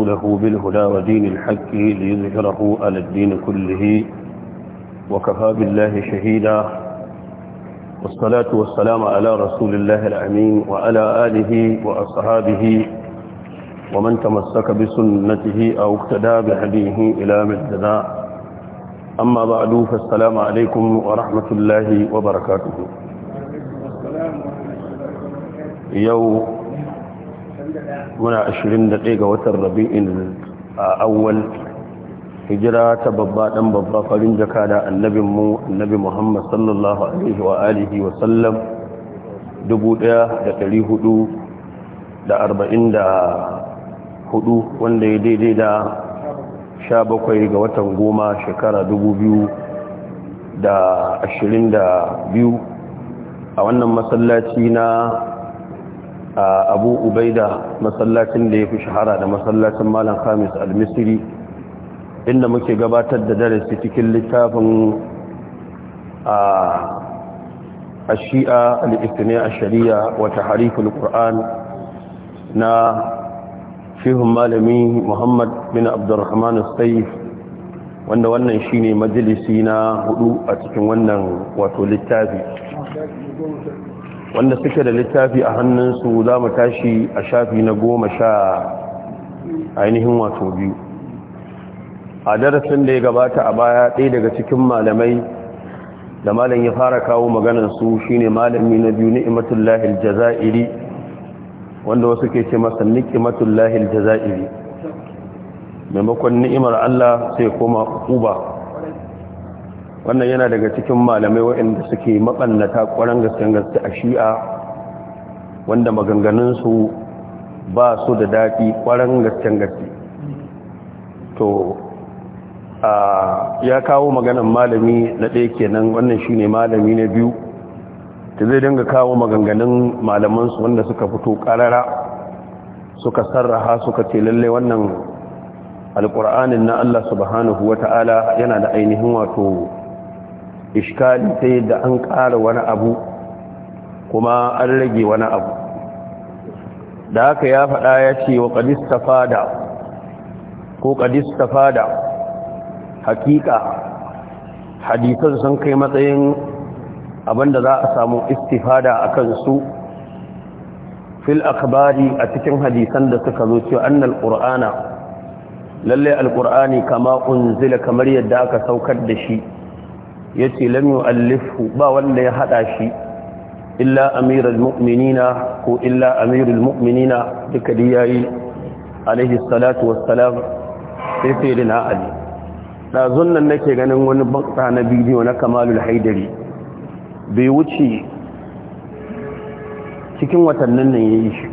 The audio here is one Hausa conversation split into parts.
ورسوله بالهدى ودين الحق ليظهره على الدين كله وكفى بالله شهيدا والصلاة والسلام على رسول الله الأمين وعلى آله وأصحابه ومن تمسك بسنته أو اقتدى بهديه إلى مجدنا أما بعد فالسلام عليكم ورحمة الله وبركاته يوم muna 21 ga watan rabi'in awwal hijira ta babba dan babba farin jaka da annabin mu annabi Muhammad sallallahu alaihi wa alihi wa sallam 1444 wanda ya daidai da 17 ga watan goma shekara 2022 a wannan masallaci na a abu ubaida masallacin da ya fi shahara da masallacin malam khamis al-misri inda muke gabatar da darasi cikin littafin a shi'a al'ifini a shari'a wata harifin qur'an na shehun malami muhammad bin abdurrahman saif wanda wannan shine majalisi na hudu a cikin wannan wato littafi wanda suke da littafi a hannunsu za mu tashi a shafi na goma sha ainihin wato biyu a darasin da ya gabata a baya ɗaya daga cikin malamai da malam ya fara kawo maganansu shine malami na biyu ni'imatullahi aljazairi wanda wasu ke ce masa ni'imatullahi aljazairi maimakon ni'imar Allah sai koma uba wannan yana daga cikin malamai waɗanda suke maɓannata ƙwarar gasken gaske a shi'a wanda maganganunsu ba su da daɗi ƙwarar gasken gaske to ya kawo maganan malami na ɗaya kenan wannan shi ne malami na biyu da zai dinga kawo maganganun malamansu wanda suka fito ƙarara suka sarraha suka ce lalle wannan alƙur'anin na Allah subhanahu wa ta'ala yana da ainihin wato ishkali sai da an ƙara wani abu kuma an rage wani abu da haka ya faɗa ya ce wa ƙadistafada ko fada hakika hadisan sun kai matsayin abinda za a samu istifada a kansu fil akabari a cikin hadisan da suka zo cewa annal ƙur'ana lallai alƙur'ani kama unzila kamar yadda aka saukar da shi ya ce lamu allifu ba wanda ya haɗa shi illa amirul mu'minina ko illa amirul mu'minina duka da yayi alaihi salatu wassalam sai sai da na'ali ɗazun nan nake ganin wani bakta na bidiyo na kamalul haidari bai wuce cikin watannin nan ya yi shi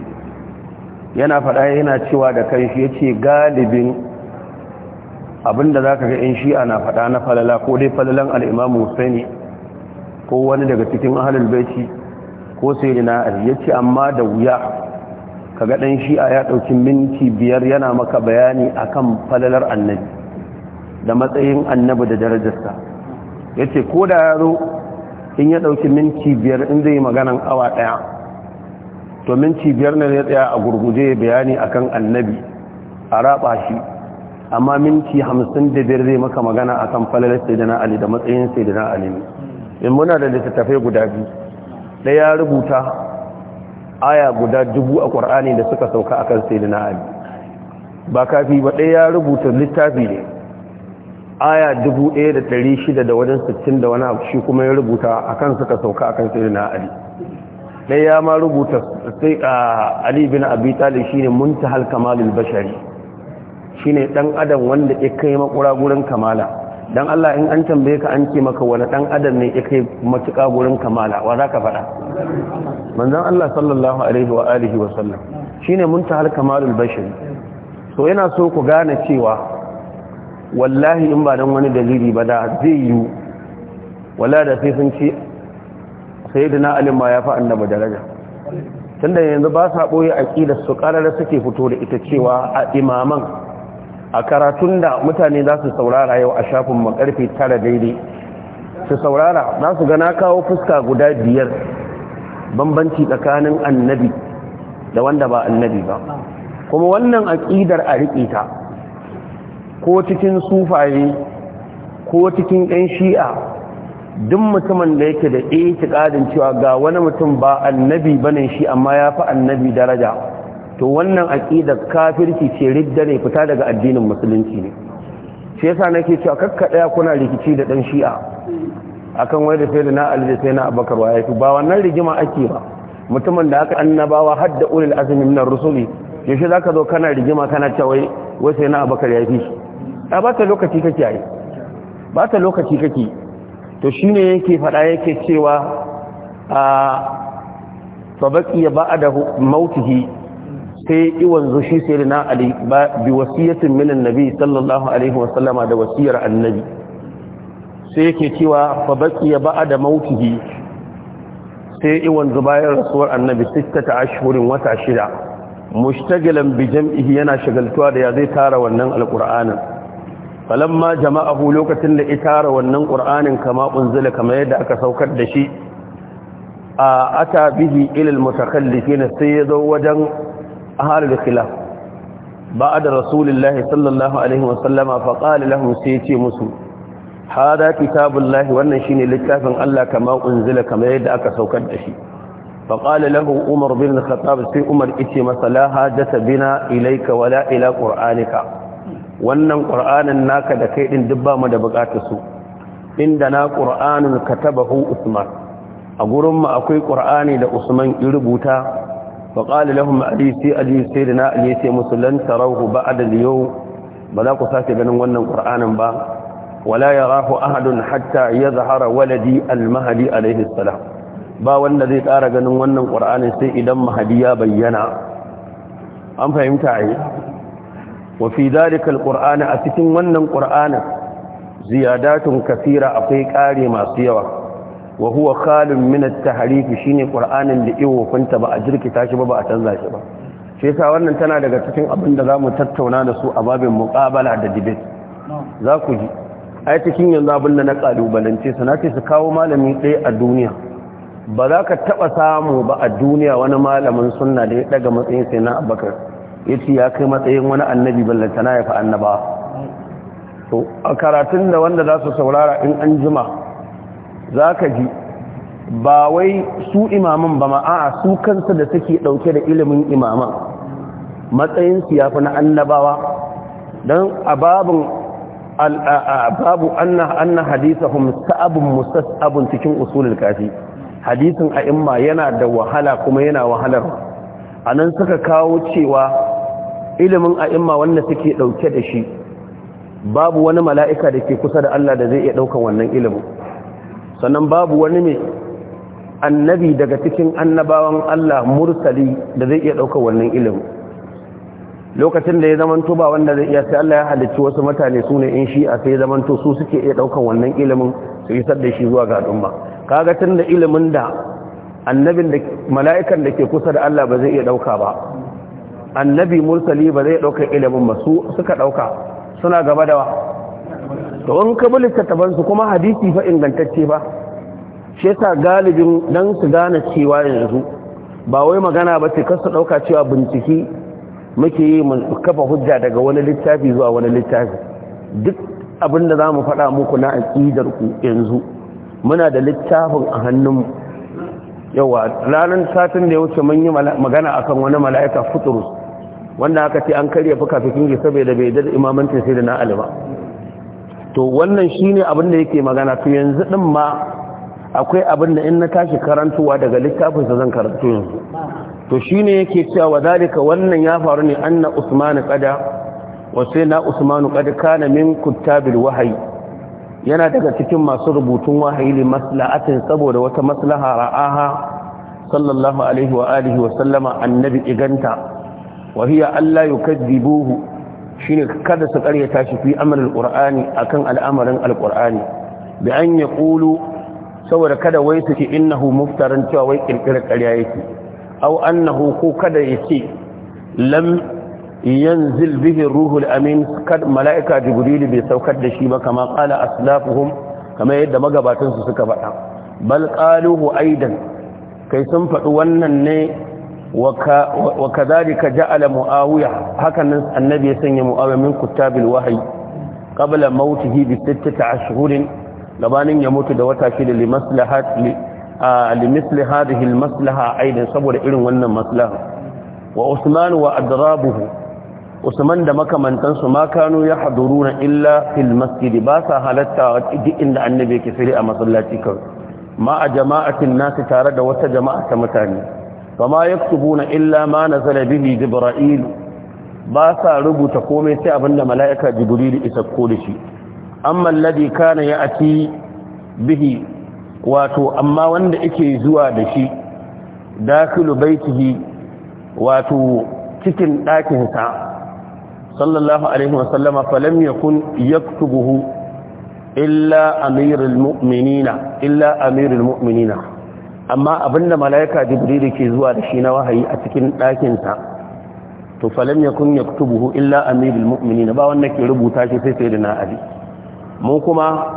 yana faɗa yana cewa da kanshi yace galibin abinda za ka ga in shi'a na faɗa na falala ko dai falalan al'imamu husaini ko wani daga cikin ahalin baiti ko sai na ya ce amma da wuya ka ga ɗan shi'a ya ɗauki minti biyar yana maka bayani a kan falalar annabi da matsayin annabi da darajarsa ya ce ko da ya zo in ya ɗauki minti biyar in zai yi maganan awa ɗaya to minti biyar ne ya tsaya a gurguje bayani a kan annabi a raba shi amma minti hamsin da biyar zai maka magana a kan falalar saidana ali da matsayin sai saidana ali ne in muna da littattafai guda biyu ɗaya ya rubuta aya guda dubu a ƙwar'ani da suka sauka a kan saidana ali ba kafi ba ɗaya ya rubuta littafi ne aya dubu ɗaya da ɗari shida da wajen sittin da wani abu shi kuma ya rubuta a kan suka sauka a kan saidana ali ɗaya ya ma rubuta sai a ali bin abi talib shine muntahal kamalul bashari shine dan adam wanda ya kai makura gurin kamala dan Allah in an tambaye ka an ce maka wani dan adam ne ya kai matuƙa gurin kamala wa za ka faɗa manzon Allah sallallahu alaihi wa alihi wa sallam shine muntahal kamalul bashari so yana so ku gane cewa wallahi in ba dan wani dalili ba da zai yi wala da sai sun ce sayyidina ali ma ya fa annabi daraja tunda yanzu ba sa boye aqidar su qarara suke fito da ita cewa a imaman a karatun da mutane za su saurara yau a shafin makarfe tara daidai su saurara za su gana kawo fuska guda biyar bambanci tsakanin annabi da wanda ba annabi ba kuma wannan aƙidar a riƙe ta ko cikin sufaye ko cikin ɗan shi'a duk mutumin da yake da ƙi cikadin cewa ga wani mutum ba annabi bane shi amma ya fi annabi daraja to wannan aqidar kafirci ce ridda ne fita daga addinin musulunci ne Sai yasa nake cewa kakka daya kuna rikici da dan shi'a akan wai da sai da na ali da sai na abakar wa yafi ba wannan rigima ake ba mutumin da aka annabawa hadda ulul azmi min ar-rusuli yaushe zaka zo kana rigima kana cewa wai wai sai na abakar yafi shi a ba ta lokaci kake ai ba ta lokaci kake to shine yake fada yake cewa a fa baqiya ba'da mautihi sai iwanzu shi sai na ali bi wasiyatin minan nabi sallallahu alaihi wasallama da wasiyar annabi sai yake cewa fa baqiya da mautihi sai iwanzu bayan rasuwar annabi 16 ashhurin wata shida mushtagilan bi jam'ihi yana shagaltuwa da ya zai tara wannan alqur'anin falamma jama'ahu lokacin da tara wannan qur'anin kama unzila kamar yadda aka saukar da shi a ata bihi ila almutakallifin sai ya zo wajen a harbe khilaf ba a da rasulullahi sallallahu alaihi wasallama faƙali lahun sai ce musu hada kitabullahi wannan shine littafin Allah kama kunzila kamar yadda aka saukar da shi faƙali umar bin khattab sai umar ice masa la hadata bina ilaika wala ila qur'anika wannan qur'anin naka da kai din dubba mu da bukatu su inda na qur'anun katabahu usman a gurin mu akwai Kur'ani da usman ya rubuta faƙali lahum ali sai ali sai da na ali sai musulun tarahu ba a yau ba za ku sake ganin wannan ƙur'anin ba wala ya rahu ahadun hatta ya zahara waladi almahadi alaihi salam ba wanda zai ƙara ganin wannan ƙur'anin sai idan mahadi ya bayyana an fahimta a wa fi zalikal ƙur'ani a cikin wannan ƙur'anin ziyadatun kasira akwai ƙare masu yawa wa huwa khalun min at-tahrif shine qur'anin da iwo kunta ba a jirkita shi ba ba a canza shi ba shi wannan tana daga cikin abin da zamu tattauna da su a babin muqabala da debate za ku ji ai cikin yanzu abin da na kalubalance su na ce su kawo malami ɗaya a duniya ba za ka taɓa samu ba a duniya wani malamin sunna da ya daga matsayin sai na abakar ya ya kai matsayin wani annabi ballanta na ya fi annaba to a karatun da wanda za su saurara in an jima za ka ji ba wai su imaman ba ma'a su kansa da suke ɗauke da ilimin imaman matsayinsu ya fi na annabawa don a babin babu anna abin sa'abun musasabun cikin usulul kafi hadisin a imma yana da wahala kuma yana wahalar a nan suka kawo cewa ilimin a imma wanda suke ɗauke da shi babu wani mala'ika da ke kusa da Allah da zai iya ɗaukan wannan ilimin sannan babu wani mai annabi daga cikin annabawan Allah mursali da zai iya ɗaukar wannan ilimin lokacin da ya zamanto ba wanda zai iya sai Allah ya halicci wasu mutane su ne in shi a sai zamanto su suke iya ɗaukar wannan ilimin su yi sadda shi zuwa ga al'umma kaga tun da ilimin da annabin da mala'ikan da ke kusa da Allah ba zai iya ɗauka ba annabi mursali ba zai ɗaukar ilimin ba su suka ɗauka suna gaba da to wanka ka bi littattafan su kuma hadisi fa ingantacce ba shi yasa galibin dan su gane cewa yanzu ba wai magana ba ce kar dauka cewa binciki muke yi mu kafa hujja daga wani littafi zuwa wani littafi duk abin da zamu faɗa muku na aqidar ku yanzu muna da littafin a hannunmu yawa ranar satin da ya wuce mun yi magana akan wani mala'ika futurus wanda aka ce an karya fuka fikin saboda bai da imamantin sai da na alba to wannan shine abin da yake magana to yanzu din ma akwai abin da in na tashi karantuwa daga littafin sa zan karantu yanzu to shine yake cewa wadalika wannan ya faru ne anna usman qada wa sai usman qad kana min kuttabil wahyi yana daga cikin masu rubutun wahayi li maslahatin saboda wata maslaha ra'aha sallallahu alaihi wa alihi wa sallama annabi iganta wa hiya alla yukadibuhu ne kada su karyata shi fi amrul A akan al'amarin alqur'ani bi an yaqulu saboda kada wai su ce innahu muftarin cewa wai kirkirar ƙarya yake Au annahu ko kada yace lam yanzil bihi ruhul amin kad malaika jibrilu bai saukar da shi ba kama qala aslafuhum kama yadda magabatan su suka faɗa bal qaluhu aidan kai sun faɗi wannan ne wa kadhalika ja'ala muawiya hakan nan annabi ya sanya muawiya min kutabil wahyi qabla mautihi bi sittati ashhurin gabanin ya mutu da wata shida li maslahat li misli hadhihi al maslaha aidan saboda irin wannan maslaha wa usman wa adrabuhu usman da makamantan su ma kanu yahduruna illa fil masjid ba sa halatta duk inda annabi yake fili a masallaci kawai ma a jama'atin nasu tare da wata jama'a ta mutane kama yaktubuna illa ma nazala bihi jibril ba sa rubuta komai sai abinda mala'ika jibril isa ko da shi amma alladhi kana ya'ti bihi wato amma wanda yake zuwa da shi dakilu baitihi wato cikin ɗakinsa. sa sallallahu alaihi wasallama falam yakun yaktubuhu illa amirul mu'minina illa amirul mu'minina amma abinda mala'ika jibril ke zuwa da shi na wahayi a cikin ɗakin sa to falam yakun yaktubuhu illa amirul mu'minin ba wanda ke rubuta shi sai na ali mu kuma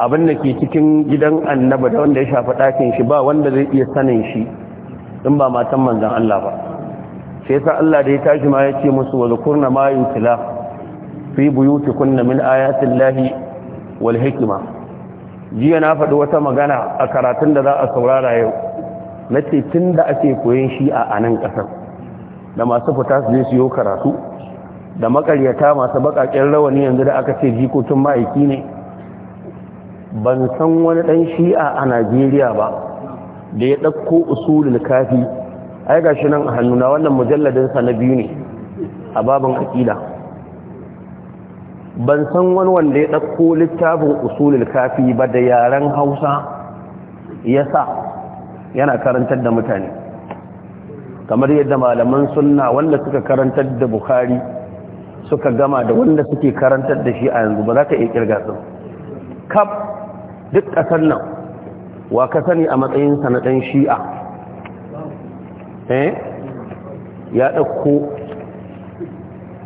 abin da ke cikin gidan annaba da wanda ya shafi ɗakin shi ba wanda zai iya sanin shi in ba matan manzon Allah ba sai sa Allah da ya tashi ma ya ce musu wa zukurna ma yutila fi buyutikunna min ayatin lahi wal hikima jiya na faɗi wata magana a karatun da za a saurara yau na ce tun da ake koyon shi a nan ƙasar da masu fita su zai siyo karatu da makaryata masu baƙaƙen rawani yanzu da aka ce jikokin ma'aiki ne ban san wani ɗan shi'a a najeriya ba da ya ɗauko usulul kafi ai shi nan a hannuna wannan mujalladinsa na biyu ne a babin aƙida ban san wani wanda ya ɗauko littafin usulul kafi ba da yaren hausa ya sa yana karantar da mutane kamar yadda malaman sunna wanda suka karantar da bukhari suka gama da wanda suke karantar da shi a yanzu ba za ka iya kirga su kaf duk ƙasar nan wa ka sani a matsayin ɗan shi'a eh ya ɗauko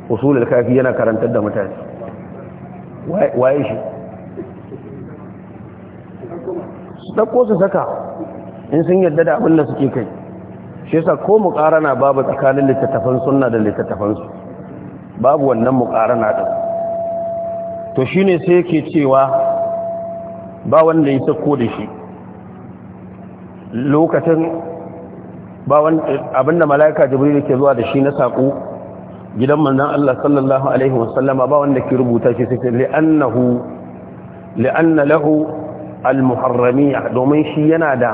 usulul kafi yana karantar da mutane waye shi su ɗauko su saka in sun yarda da abin da suke kai shi yasa ko muƙarana babu tsakanin littattafan sunna da littattafansu babu wannan muƙarana ɗin to shi ne sai yake cewa ba wanda ya sako da shi lokacin abinda mala'ika jibril ke zuwa da shi na saƙo gidan manzon Allah sallallahu alaihi wasallama ba wanda ke rubuta shi sai li'annahu li'anna lahu al domin shi yana da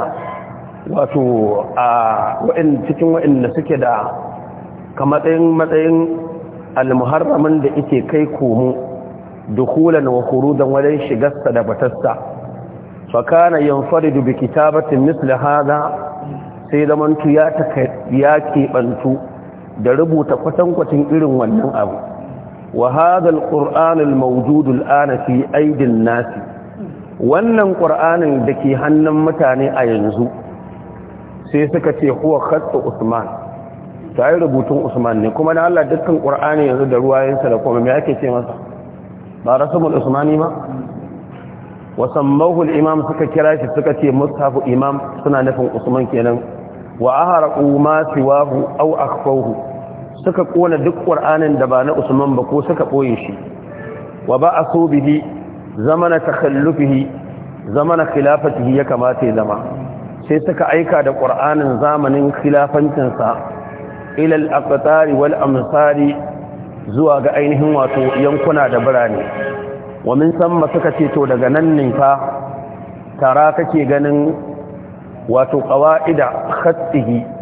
wato a cikin wa'inda suke da ka matsayin matsayin al-muharramin da yake kai komo dukulan wa khurudan wajen shigarsa da batarsa fa kana yanfaridu bi kitabatin misli haza sai zamantu ya ya kebantu da rubuta kwatankwacin irin wannan abu wa hadal qur'anul mawjudul ana fi aidin nasi wannan qur'anin da ke hannun mutane a yanzu sai suka ce huwa khatt usman sai rubutun usman ne kuma na Allah dukkan qur'ani yanzu da ruwayensa da kuma me ake ce masa ba rasmul usmani ba wasammahu al-imam suka kira shi suka ce mustafu imam suna nufin usman kenan wa aharaku ma siwahu aw akhfahu suka kona duk ƙur'anin da ba na usman ba ko suka ɓoye shi wa ba a so bihi na takallufihi zamana khilafatihi ya kamata ya zama sai suka aika da ƙur'anin zamanin khilafancinsa ilal aqtari wal amsari zuwa ga ainihin wato yankuna da birane wa min samma suka ce to daga nan ne tara kake ganin wato ƙawa'ida khatihi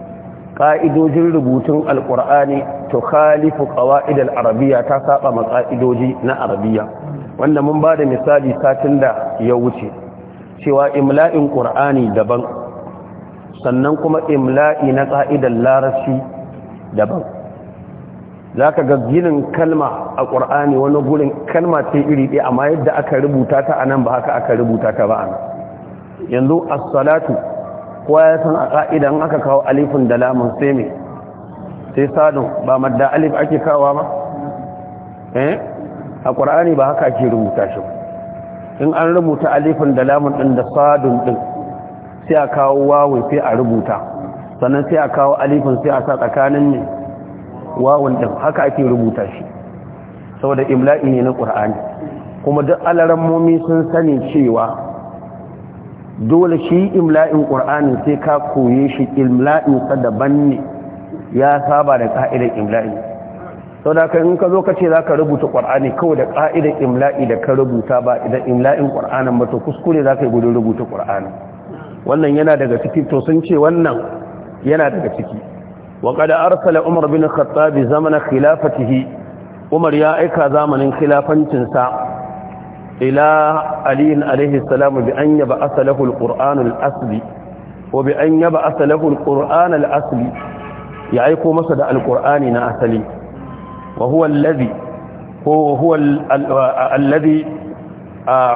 ƙa'idojin rubutun alƙur'ani to khalifu ƙawa'id al'arabiya ta saba ma ka'idoji na arabiya wanda mun ba da misali satin da ya wuce cewa imla'in ƙur'ani daban sannan kuma imla'i na ƙa'idar larashi daban za ka ga ginin kalma a ƙur'ani wani gurin kalma ce iri ɗaya amma yadda aka rubuta ta a nan ba haka aka rubuta ta ba yanzu as-salatu kowa ya san a ƙa'idan aka kawo alifin da lamun sai me sai sadun ba madda alif ake kawo ba eh? a qur'ani ba haka ake rubuta shi in an rubuta alifin da lamun ɗin da sadun ɗin sai a kawo wawun sai a rubuta sannan sai a kawo alifin sai a sa tsakanin ne wawun ɗin haka ake rubuta shi saboda imla'i ne na qur'ani kuma duk alaran momi sun sani cewa dole shi imla'in ƙur'ani sai ka koye shi imla'insa daban ne ya saba da ka'idar imla'i sau da ka in ka zo ka ce za ka rubuta ƙwar'ani kawai da ƙa'idar imla'i da ka rubuta ba idan imla'in ƙwar'anin ba to kuskure za ka yi gudun rubuta ƙwar'anin wannan yana daga ciki to sun ce wannan yana daga ciki wa kada arsala umar bin khattabi zamanin khilafatihi umar ya aika zamanin khilafancinsa ila aliyin alaihi salamu bi an yaba asalahul ƙur'anul asli ko bi an yaba asalahul ƙur'anul asli ya aiko masa da alƙur'ani na asali wa huwa allazi ko huwa allazi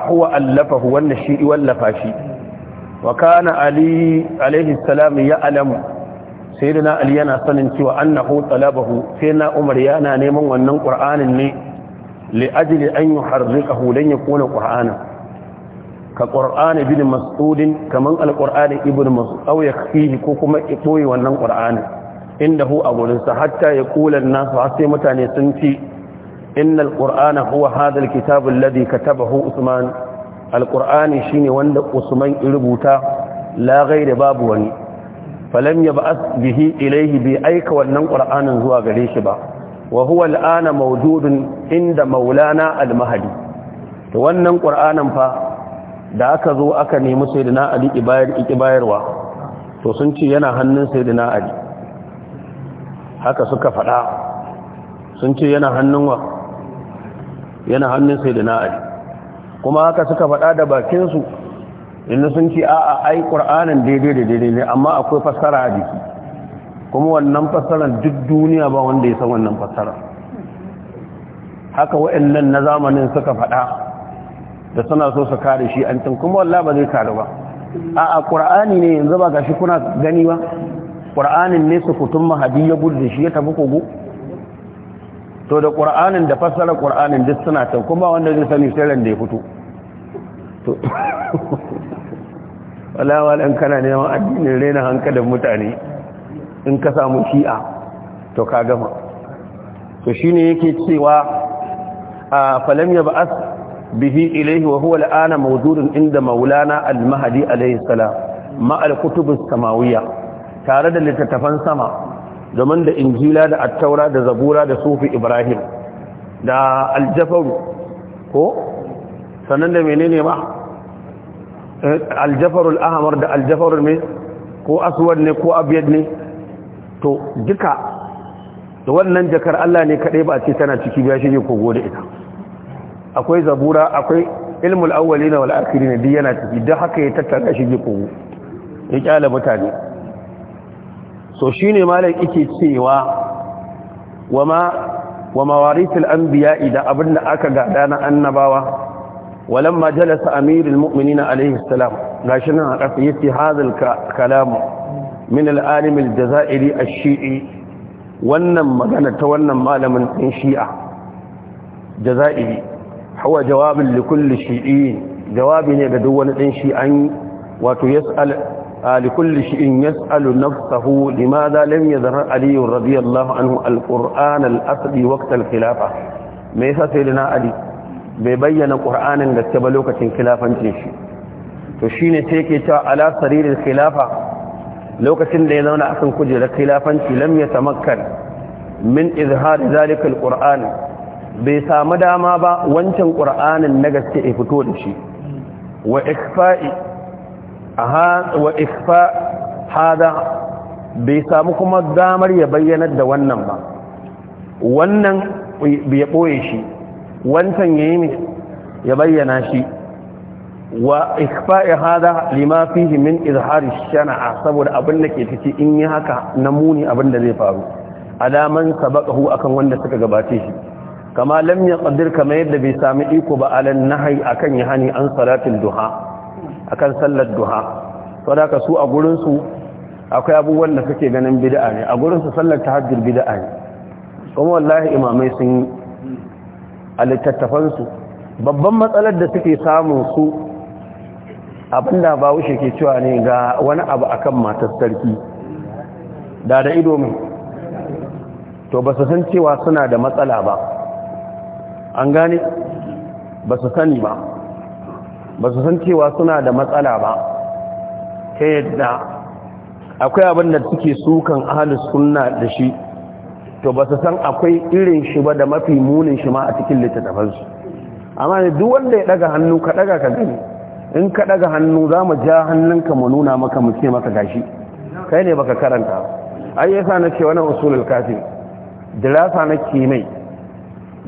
huwa allafahu wannan shi wallafa shi wa kana ali alaihi salam ya alamu sayyidina ali yana sanin cewa annahu talabahu sai na umar yana neman wannan qur'anin ne لأجل أن يحرقه لن يكون قرآنا كقرآن بن مسعود كمن القرآن ابن مسعود أو يكفيه كوكما إقوي ونن قرآن إنه أبو لنسى حتى يقول الناس عصيمة نسنتي إن القرآن هو هذا الكتاب الذي كتبه أثمان القرآن شيني وند أثمان إربوتا لا غير باب وني فلم يبعث به إليه بأيك ونن قرآن زوا غريش باب وهو الان موجود عند inda المهدي تو to wannan qur'anin fa da aka zo aka nemi sayyidina ali ibayar ikibayarwa to sun ce yana hannun sayyidina ali haka suka faɗa sun ce yana hannun wa yana hannun sayyidina ali kuma haka suka faɗa da bakin su inda sun ce a'a ai qur'anin daidai da daidai ne amma akwai fassara a jiki kuma wannan fasaran duk duniya ba wanda ya san wannan fasaran haka wa'annan na zamanin suka faɗa da suna so su kare shi an tun kuma wallah ba zai kare ba a a ƙura'ani ne yanzu ba gashi kuna gani ba ƙura'anin ne su kutum mahadi ya gudu da shi ya tafi kogo to da ƙura'anin da fassara ƙura'anin duk suna can kuma wanda zai sani sai da ya fito to wala wala kana neman addinin raina hankalin mutane in ka samu shi'a to ka gama to shine yake cewa a falam ya ba'as bihi ilaihi wa huwa al'ana mawdudun inda maulana al-mahdi alaihi salam ma al-kutubus samawiyya tare da littattafan sama domin da injila da attaura da zabura da sufi ibrahim da aljafaru ko sannan da menene ba eh, aljafarul ahmar da aljafarul mai ko aswad ne ko abiyad ne to duka da wannan jakar Allah ne kaɗai ba a ce tana ciki ba shi ne kogo da ita akwai zabura akwai ilmul awwali na wal'akiri na duk yana ciki don haka ya tattara shi ne kogo ya kyala mutane so shi ne malar ike cewa wa mawaritul anbiya idan abin da aka gada na annabawa ولما جلس أمير المؤمنين عليه السلام قاشنا أقف يتي هذا kalamu. min al-alim al-jazairi shii wannan magana ta wannan malamin ɗin shi'a jazairi huwa jawabin li shi'i jawabi ne ga duk wani ɗin shi'an wato yas'al ya kulli shi'in yas'alu lima limadha lam yadhhar ali radiyallahu anhu al-qur'an al-asli waqt al-khilafa me yasa bai bayyana qur'anin gaske ba lokacin khilafancin shi to shine sai ke cewa ala saririn khilafa lokacin da ya zauna a akan kujerar khilafanci lam ya tamakkan min izhar zalika alquran bai samu dama ba wancan qur'anin na gaske ya fito da shi wa ikfa'i aha wa ikfa hada bai samu kuma damar ya bayyanar da wannan ba wannan ya boye shi wancan yayi ya bayyana shi wa ikfa'i hada lima fihi min izhari shana'a saboda abin da ke ciki in yi haka na muni abin da zai faru alaman sabaqahu akan wanda suka gabace shi kama lam yaqdir kama yadda bai sami iko ba alan nahyi akan hani an salatul duha akan sallar duha saboda su a gurin su akwai abubuwan da suke ganin bid'a ne a gurin su sallar tahajjud bid'a ne kuma wallahi imamai sun yi a su. babban matsalar da suke samun su abinda ba wuce ke cewa ne ga wani abu akan matar sarki da da ido mai to ba su san cewa suna da matsala ba an gane ba su sani ba ba su san cewa suna da matsala ba ta yadda akwai abin da suke sukan ahalus suna da shi to ba su san akwai irin shi ba da mafi munin shi ma a cikin littattafansu amma ne duk wanda ya daga hannu ka daga ka gani in ka daga hannu za mu ja hannunka mu nuna maka mu ce maka gashi kai ne baka karanta ai yasa na ce wani usulul kafi dirasa na kimai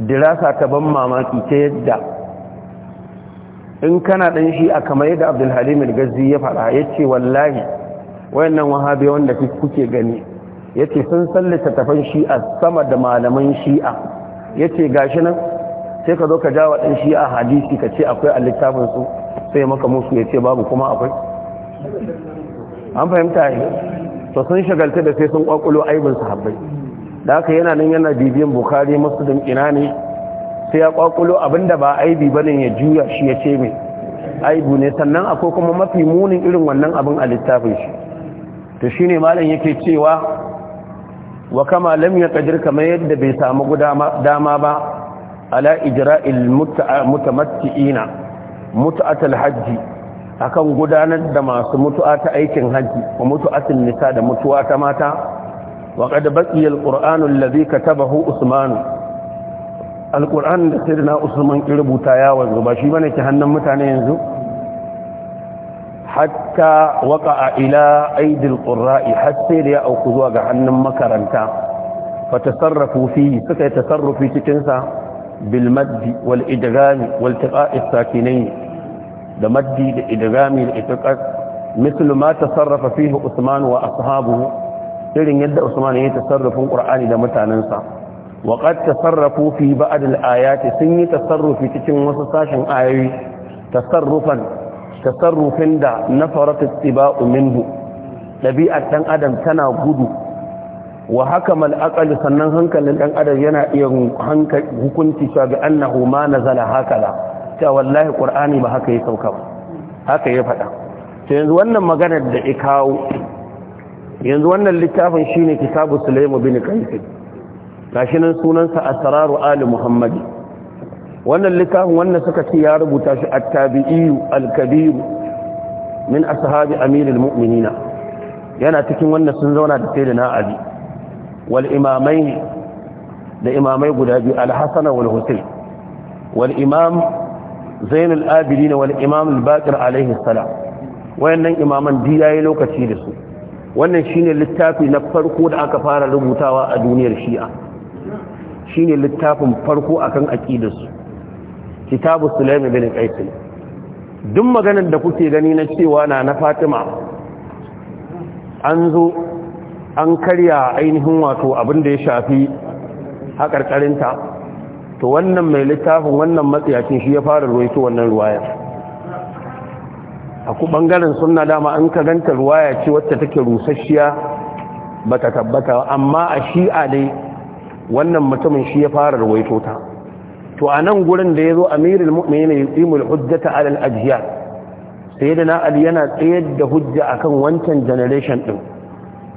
dirasa ta ban mamaki ta yadda in kana dan shi a kamar yadda Abdul Halim al-Gazzi ya faɗa yace wallahi wayannan wahabi wanda kuke gani yace sun sallata tafan shi'a sama da malaman shi'a yace gashi nan sai ka zo ka jawa dan shi'a hadisi ka ce akwai a littafin su sai maka musu ya ce babu kuma akwai an fahimta yi to sun shagalta da sai sun kwakulo aibin sahabbai da haka yana nan yana bibiyan bukari masu muslim ina ne sai ya kwakulo abinda ba aibi bane ya juya shi ya ce mai aibu ne sannan akwai kuma mafi munin irin wannan abin a littafin shi to shine malam yake cewa wa kama lam yaqdir kamar yadda bai samu dama ba ala ijra'il mutamatti'ina mutu'atul hajji akan gudanar da masu mutu'a ta aikin hajji wa mutu'atul nisa da mutuwa ta mata wa qad baqiya alqur'anu alladhi katabahu usman alqur'an da sayyidina usman ki rubuta ya ba shi bane ki hannun mutane yanzu hatta waqa'a ila aidil qurra'i hatta da ya auki zuwa ga hannun makaranta fa fihi suka yi tasarrufi cikin sa bil wal idgham wal tiqa'i sakinaini da maddi da idgami da itiqaq mislu ma tasarrafa fihi usman wa ashabuhu irin yadda usman ya tasarrufin qur'ani da mutanansa wa qad tasarrafu fi ba'd al-ayati sun yi tasarrufi cikin wasu sashin ayoyi tasarrufan tasarrufin da nafarat ittiba'u minhu dabi'at dan adam tana gudu wa haka mal aqali sannan hankalin dan adam yana iya hukunci cewa annahu ma nazala hakala ta wallahi ƙur'ani ba haka ya sauka ba haka ya faɗa ta yanzu wannan maganar da ya yanzu wannan littafin shine kitabu sulaimu bin qais gashi nan sunansa asraru ali muhammadi wannan littafin wannan suka ce ya rubuta shi at-tabi'i al min ashabi amirul mu'minina yana cikin wannan sun zauna da sayyidina ali wal imamai da imamai guda biyu al wal husayn wal imam zainul abidin na imam al-baqir alaihi salam wayannan imaman di yayi lokaci da su wannan shine littafi na farko da aka fara rubutawa a duniyar shi'a shine littafin farko akan aqidar su kitabu Sulaima bin qais duk maganar da kuke gani na cewa na na fatima an zo an karya ainihin wato abin da ya shafi haƙarƙarinta to wannan mai littafin wannan matsayacin shi ya fara ruwaito wannan ruwaya a ku bangaren sunna dama an ka ganta ruwaya ce wacce take rusasshiya ba ta tabbata amma a shi'a dai wannan mutumin shi ya fara ruwaito ta to a nan gurin da ya zo amirul mu'minin yuqimul hujjata alal da na ali yana tsayar da hujja akan wancan generation ɗin.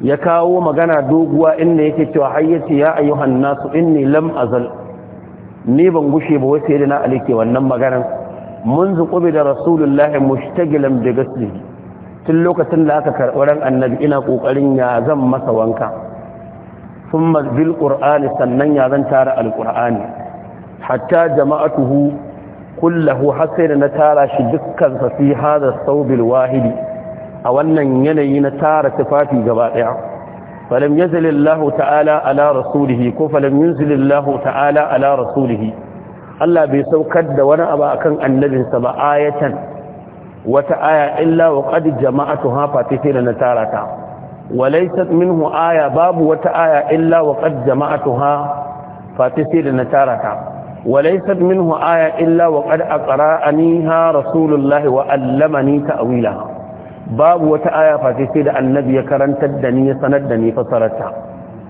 ya kawo magana doguwa inda yake cewa hayyaci ya ayyuhan nasu inni lam azal ni ban gushe ba wai yadda da na alike wannan maganar mun zuƙubi da rasulullahi mushtagilan da gaslihi tun lokacin da aka karɓi ran annabi ina ƙoƙarin ya zan masa wanka sun mazbil ƙur'ani sannan ya zan tara alƙur'ani hatta jama'atuhu kullahu har sai da na tara shi dukkan sa fi hada saubil wahidi a wannan yanayi na tara tufafi gaba ɗaya falam yazalillahu ta'ala ala rasulihi ko falam yunzilillahu ta'ala ala rasulihi Allah bai saukar da wani abu kan annabinsa ba ayatan wata aya illa wa qad jama'atuha fatifina natarata walaysat minhu aya babu wata aya illa wa qad jama'atuha fatifina natarata وليست منه آية إلا وقد أقرأنيها رسول الله وألمني تأويلها babu wata aya face sai da annabi ya karantar da ni ya sanar da ni fasararta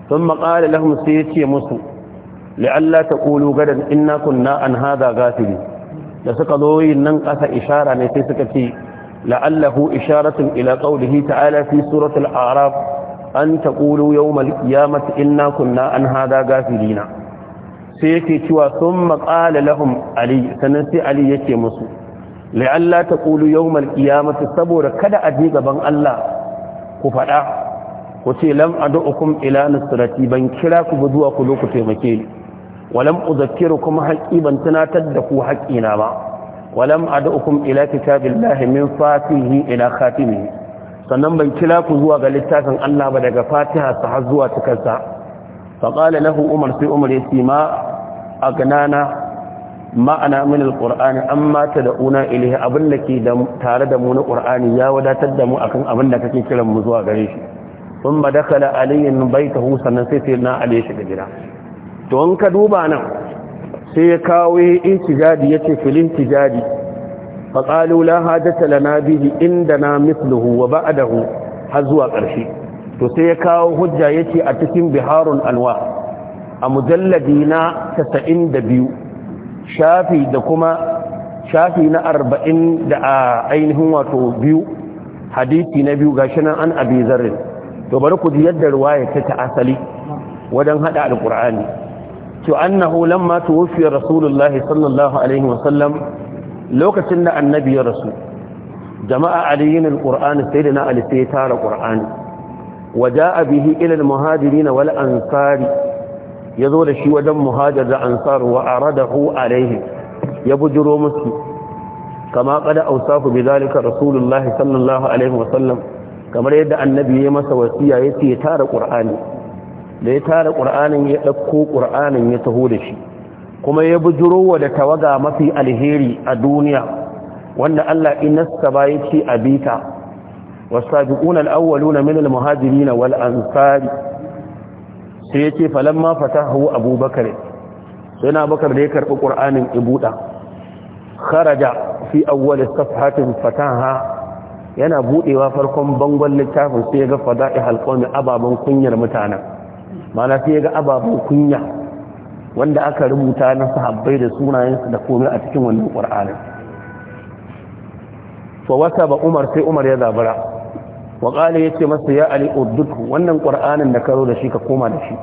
sun maƙali lahum sai ya ce musu la'alla ta ƙulu gadan inna kunna an hada gafili da suka zo yin nan ƙasa ishara ne sai suka ce la'allahu isharatun ila qawlihi ta'ala fi suratul a'raf an taqulu yawmal qiyamati inna kunna an hada gafilina sai yake cewa sun maƙali lahum ali sannan sai ali yake musu la'alla taqulu yawmal qiyamati saboda kada a je gaban Allah ku faɗa ku ce lam ad'ukum ila nusrati ban kira ku zuwa ku ku taimake ni walam udhakkirukum haqqi ban tunatar da ku na ba walam ad'ukum ila kitabillahi min fatihi ila khatimihi sannan ban kira ku zuwa ga littafin Allah ba daga Fatiha sa har zuwa cikarsa fa qala lahu umar sai umar yace ma agnana ma'ana min alqur'ani amma tad'una ilayhi abin da ke da tare da mu na qur'ani ya wadatar da mu akan abin da kake kiran mu zuwa gare shi thumma dakala alayyin baytahu sannan sai sai na alayhi shiga gida to in ka duba nan sai ya kawo ihtijadi yace filin tijadi fa qalu la na lana bihi indana mithluhu wa ba'dahu har zuwa ƙarshe to sai ya kawo hujja yace a cikin biharul anwa a mujalladi na 92 shafi da kuma shafi na arba'in da a ainihin wato biyu hadithi na biyu gashi nan an abi zarrin to bari ku ji yadda ruwaya ta ta asali wajen hada alqur'ani to annahu lamma tuwfiya rasulullah sallallahu alaihi wasallam lokacin da annabi ya rasu jama'a aliyin alqur'ani sayyidina ali sai tara qur'ani waja'a bihi ila almuhajirin wal ansari ya zo da shi wajen muhajir da ansar wa aradahu alaihi ya bujiro musu kama kada ausafu bi zalika rasulullah sallallahu alaihi wasallam kamar yadda annabi ya masa wasiya yace ya tara qur'ani da ya tara qur'anin ya dauko qur'anin ya taho da shi kuma ya bujiro wa da tawaga mafi alheri a duniya wanda Allah inasta ba yace abita wasabiquna alawwaluna min almuhajirin wal ansari sai ya ce ma fatahu abubakar sai na bakar da ya karɓi ƙur'anin ibuda kharaja fi awwal safhatin fataha yana buɗewa farkon bangon littafin sai ya ga fada'i halqawmi ababan kunyar mutanen mana sai ya ga ababan kunya wanda aka rubuta na sahabbai da sunayensu da komai a cikin wannan ƙur'anin fa wata ba umar sai umar ya zabara. waƙali ya ce masa ya ali uduk wannan ƙur'anin da karo da shi ka koma da shi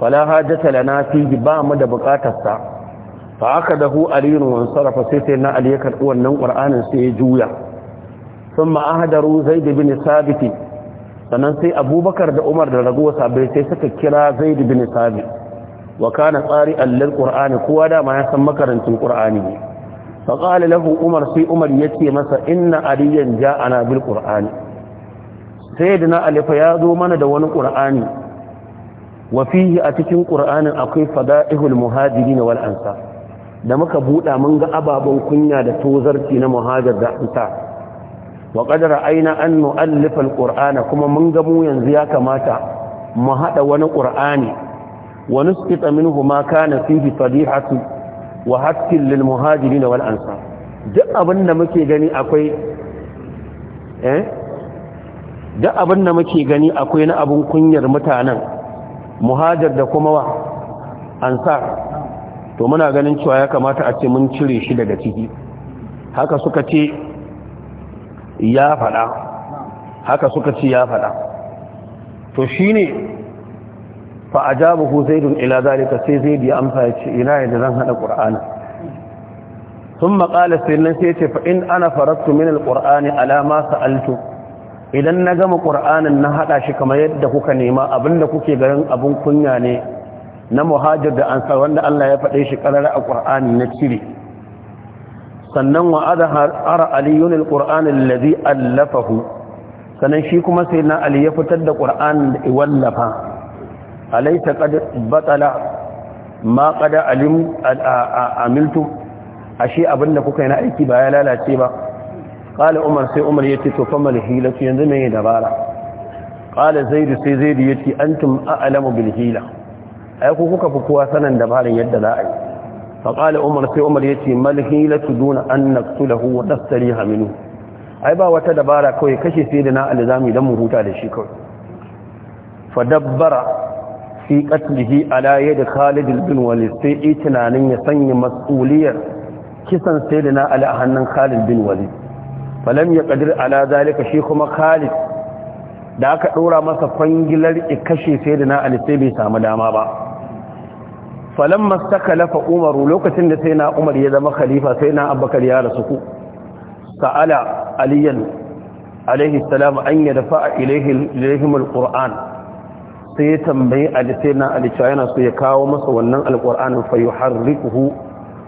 fala hajjata lana fi ba mu da buƙatarsa fa aka dahu aliyun wan sarafa sai sai na ali ya karɓi wannan ƙur'anin sai ya juya sun ma'ahadaru zai da bin sannan sai abubakar da umar da raguwa sabai sai suka kira zai da bin sabiti wa kana tsari allal ƙur'ani kowa dama ya san makarantun ƙur'ani ne faƙali lahu umar sai umar ya ce masa inna aliyan ja'ana bil ƙur'ani sai da na alifa ya zo mana da wani ƙur'ani wa fihi a cikin ƙur'anin akwai fada'ihul muhajiri na wal'ansa, da muka buɗa mun ga ababen kunya da tozarci na muhajir da ansa wa qadara aina an nu'allifa kuma mun ga mu yanzu ya kamata mu haɗa wani qur'ani wa nusqita minhu ma kana fihi fadihatu wa hakkin lil muhajiri na wal'ansa. duk abin da muke gani akwai eh Da abin da muke gani akwai na abin kunyar mutanen muhajar da kuma wa ansar to muna ganin cewa ya kamata a ce mun cire shi daga ciki haka suka ce ya faɗa haka suka ce ya faɗa to shine fa ajabahu zaidun ila zalika sai zai biya amsa ya ce ina yadda zan hada qur'ana thumma qala nan sai ce fa in ana farattu min alqur'ani ala ma sa'altu idan na gama ƙur'anin na haɗa shi kamar yadda kuka nema abinda kuke garin abin kunya ne na muhajir da ansar wanda Allah ya faɗe shi ƙarara a ƙur'ani na cire sannan wa ada har aliyun alqur'ani allazi allafahu sannan shi kuma sai na ali ya fitar da ƙur'anin da wallafa alaysa qad batala ma qad alim amiltu ashe abinda kuka yi na aiki ba ya lalace ba qala umar sai umar ya ce to famal hilatu yanzu me dabara qala Zaidu sai Zaidu ya ce an yace antum a'lamu bil hila ai kuka fi kuwa sanan dabaran yadda za a yi fa qala umar sai umar ya yace mal hilatu duna an naqtulahu wa nastariha minhu ai ba wata dabara kawai kashe sai da na alzami dan mu huta da shi kawai fa dabbara fi qatlihi ala yadda Khalid bin Walid sai tunanin ya sanya mas'uliyar kisan sai sayyidina Ali a hannun Khalid bin Walid falam ya kadir ala zalika shi kuma Khalid da aka dora masa kwangilar kashe sayyidina Ali sai bai samu dama ba falam mastakalafa Umar lokacin da na Umar ya zama khalifa sai na Abubakar ya rasu ku sa'ala aliyan alaihi salam an a ilaihi ilaihim alquran sai ya tambayi alisena alicewa yana so ya kawo masa wannan alkur'anin fayuharrifuhu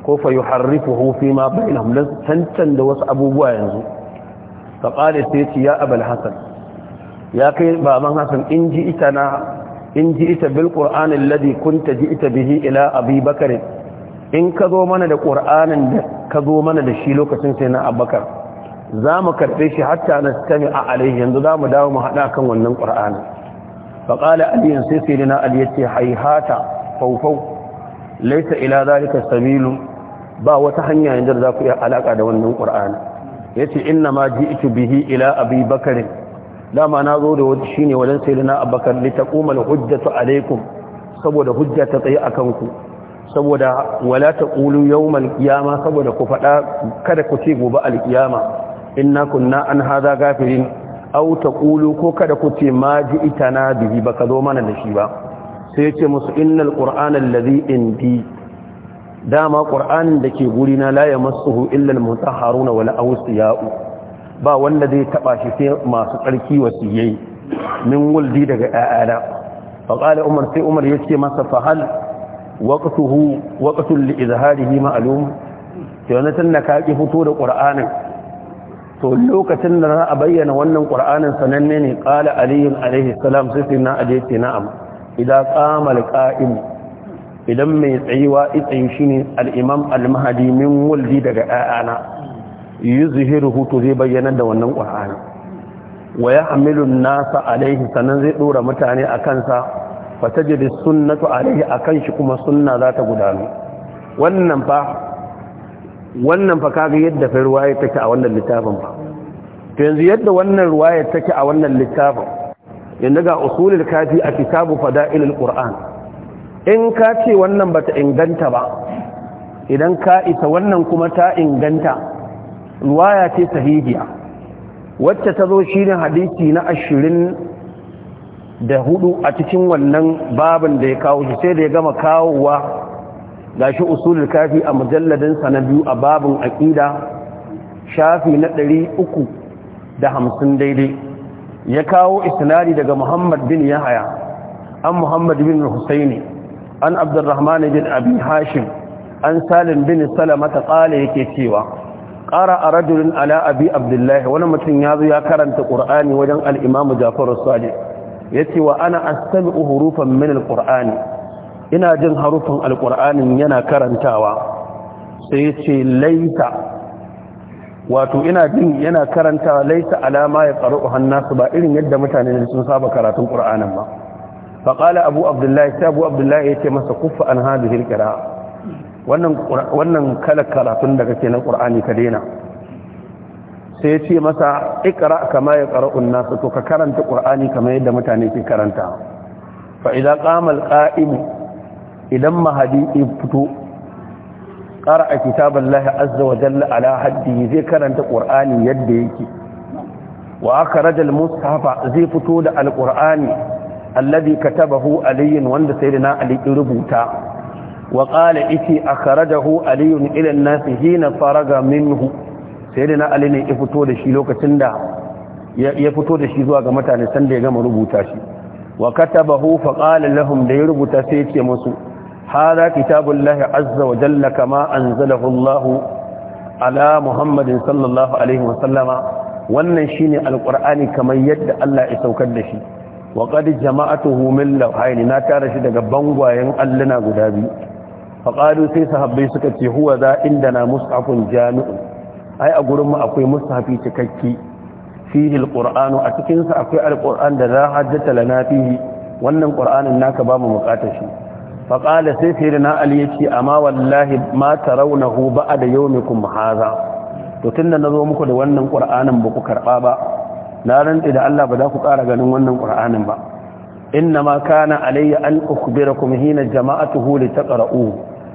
ko fayuharrifuhu fi ma bainahum lan tantan da wasu abubuwa yanzu faƙali sai ce ya abal hasan ya kai baban hasan in ji ita na in ji ita bil ƙur'anin ladi ji ita bihi ila abi in ka zo mana da ƙur'anin da ka zo mana da shi lokacin sai na abakar za mu karfe shi hatta na sami a alaihi yanzu za mu dawo mu haɗa kan wannan ƙur'anin faƙali aliyan sai sai na aliyar ce haihata faufau laisa ila zalika sabilu ba wata hanya yanzu da za ku iya alaka da wannan qur'ani yace inna ma ji'tu bihi ila abi bakr dama na zo da wata shine wajen sayyidina abubakar kuma taquma hujja hujjatu alaikum saboda hujja ta tsaye akan ku saboda wala kulu yawm al-qiyama saboda ku fada kada ku ce gobe al in na kunna an haza gafirin ta ƙulu ko kada ku ce ma na bihi baka zo mana da shi ba sai yace musu innal qur'ana alladhi indi dama ƙur'anin da ke guri na la illal illa haruna wani wal ya'u. ba wanda zai taba shi sai masu tsarki wasiyai min wuldi daga 'ya'yana. Ba qala umar sai umar yace masa fa hal li izharihi ma'lum to yana tunda ka ki fito da ƙur'anin to lokacin da za a bayyana wannan ƙur'anin sananne ne kala aliyu alaihi salam sai na aje ce na'am idan qamal qa'im idan mai tsayuwa itsayi shi ne alimam al al-mahadi min waldi daga Yi zuhiru hutu zai bayyana da wannan ƙwa’ana wa ya hamilu nasa alaihi sannan zai ɗora mutane a akan sa fatajidu sunnatu alaihi kan shi kuma sunna za ta gudanu wannan fa wannan fa kaga yadda fa ruwaya take a wannan littafin fa to yanzu yadda wannan ruwayar take a wannan littafin yanzu ga usulul kafi a kitabu fada'ilul qur'an in ka ce wannan ba ta inganta ba idan ka isa wannan kuma ta inganta ruwaya ce sahihiya wacce ta zo shi ne hadisi na ashirin da hudu a cikin wannan babin da ya kawo shi sai da ya gama kawowa ga shi usulul kafi a mujalladinsa na biyu a babin aƙida shafi na ɗari uku da hamsin daidai ya kawo isnadi daga muhammad bin yahaya an muhammad bin husaini an abdurrahman bin abi hashim an salim bin salamata qala yake cewa qara rajulun ala abi abdullahi wani mutum ya zo ya karanta qur'ani wajen al-imam jafar as-sadiq yace wa ana astami'u hurufan min al-qur'ani ina jin harufan al-qur'anin yana karantawa sai yace laita wato ina jin yana karanta laisa alama ya tsaro hannasu ba irin yadda mutane sun saba karatun ƙur'anin ba abu abdullahi sai abu abdullahi عبد masa يتمس كف عن da hirƙira wannan kala karatun da kake na ƙur'ani ka daina sai ce masa ikra kama ya ƙara'un nasu to ka karanta ƙur'ani kama yadda mutane ke karanta fa idan qama idan mahadi fito qara'a kitaballahi azza wa jalla ala haddi zai karanta ƙur'ani yadda yake wa akhraja al zai fito da al alladhi katabahu ali wanda sayyidina ali ya rubuta wa qala iti akhrajahu ali ila an-nas hina faraga minhu sayyidina ali ne ya fito da shi lokacin da ya fito da shi zuwa ga mutane sanda ya gama rubuta shi wa katabahu fa qala lahum da ya rubuta sai ya ce musu هذا كتاب azza wa Jalla kama أنزله الله ala muhammadin sallallahu alaihi wa sallama. wannan shine alqur'ani kamar yadda Allah ya saukar da shi wa jama'a jama'atuhu min ne na tara shi daga bangwayen alluna guda biyu fa sai sahabbai suka ce huwa za indana mushafun jami'u. ai a gurinmu mu akwai musafi cikakki fihi alqur'anu a cikin sa akwai alqur'an da za hajjata lana fihi wannan qur'anin naka ba mu bukatar shi fa qala sai na ali yace amma wallahi ma tarawnahu ba'da yawmikum hadha to tunda nazo muku da wannan qur'anin ba ku karba ba na rantsi da Allah ba za ku ƙara ganin wannan kur'anin ba inna ma kana alayya an kuma hina jama'atuhu litaqra'u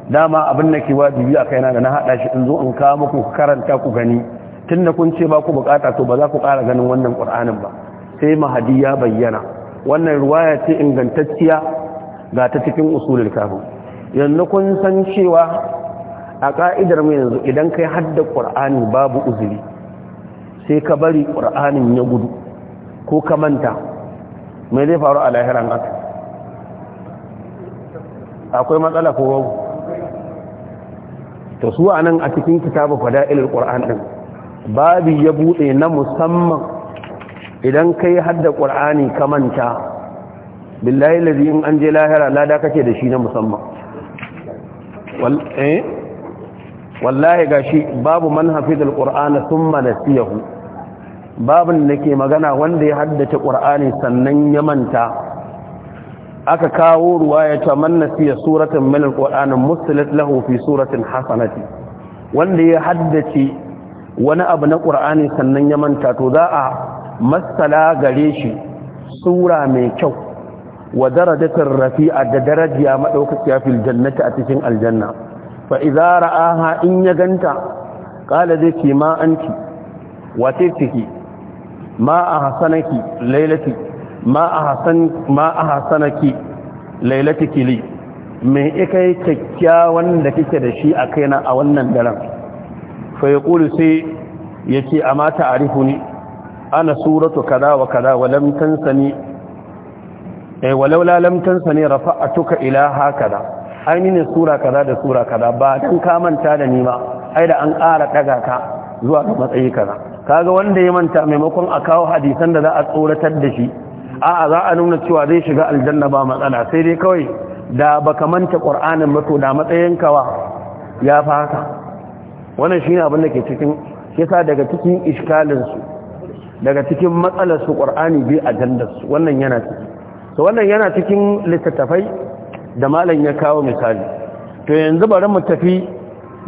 dama abin nake ke wajibi a kaina da na hada shi in zo in ka muku karanta ku gani tunda kun ce ba ku bukata to ba za ku ƙara ganin wannan ƙur'anin ba sai mahadi ya bayyana wannan ruwaya ce ingantacciya ga ta cikin usulul kafi yanzu kun san cewa a ka'idar mu yanzu idan kai hadda ƙur'ani babu uzuri sai ka bari ƙur'anin ya gudu ko ka manta mai zai faru a lahiran ƙasa akwai matsala ko wau ta su a nan a cikin kitabu fada'ilul ƙur'an ɗin babi ya buɗe na musamman idan ka yi hadda ƙur'ani ka manta billahi lazi in an je lahira lada kake da shi na musamman eh? wallahi gashi babu man hafizul qur'ana thumma nasiyahu babin da ke magana wanda ya haddace ƙur'ani sannan ya manta aka kawo ruwa ya ce man nasiya suratin min alqur'anin muslimat lahu fi suratin hasanati wanda ya haddace wani abu na ƙur'ani sannan ya manta to za a masala gare shi sura mai kyau wa darajatin rafi'a da darajiya madaukakiya fil jannati a cikin aljanna fa idza ra'aha in ya ganta qala zai ce ma anti wace ciki ma a hasanaki lailati ma a hasan ma a kyakkyawan da kike da shi a kaina a wannan daran fa yaqulu sai yace amma ta'rifuni ana suratu kaza wa kaza wa lam tansani eh walaula lam tansani rafa'atuka ila hakaza ainihin sura kaza da sura kaza ba dan ka manta da ni ba ai da an ƙara daga ka zuwa ga matsayi kaza kaga wanda ya manta maimakon a kawo hadisan da za a tsoratar da shi a'a za a nuna cewa zai shiga aljanna ba matsala sai dai kawai da baka manta qur'anin ba to da matsayin kawa ya fa haka wannan shine abin da ke cikin yasa daga cikin iskalin su daga cikin matsalar su qur'ani bi ajandar su wannan yana ciki to wannan yana cikin littattafai da malam ya kawo misali to yanzu bari mu tafi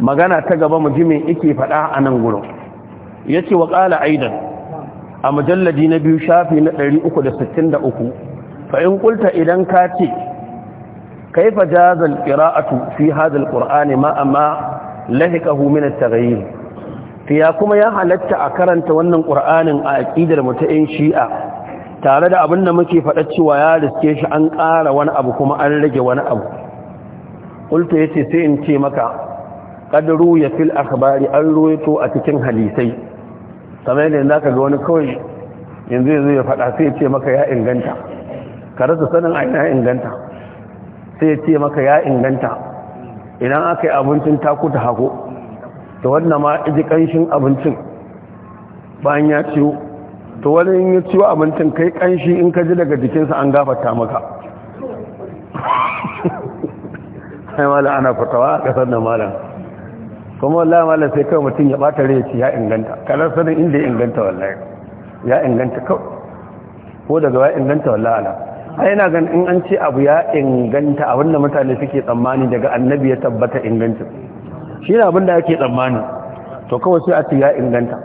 magana ta gaba mu ji me yake faɗa a nan gurin yace wa ƙala aidan a majalladi na biyu shafi na 363 fa'in ƙulta idan ka ce kaifa jazal ƙira'atu fi hazal ƙur'ani ma amma lahikahu min at-taghayyur fiya kuma ya halatta a karanta wannan qur'anin a aqidar mu ta yin shi'a tare da abin da muke faɗa cewa ya riske shi an ƙara wani abu kuma an rage wani abu qultu yace sai in ce maka qadru ya fil akhbari an ruwaito a cikin hadisai kamar yadda yanzu ka ga wani kawai yanzu yanzu ya faɗa sai ce maka ya inganta ka rasa sanin a ina inganta sai ce maka ya inganta idan aka yi abincin taku ta hako da wannan ma iji ƙanshin abincin bayan ya ciwo to wani yin ya ciwo abincin kai ƙanshi in ka ji daga jikinsa an gafata maka haimala ana fatawa a ƙasar da malam kuma wallahi malam sai kawai mutum ya bata rai ci ya inganta kalar sanin inda ya inganta wallahi ya inganta kawai ko daga ya inganta wallahi ala ai ina gan in an ce abu ya inganta abin da mutane suke tsammani daga annabi ya tabbata inganta shi ne abin da yake tsammani to kawai sai a ce ya inganta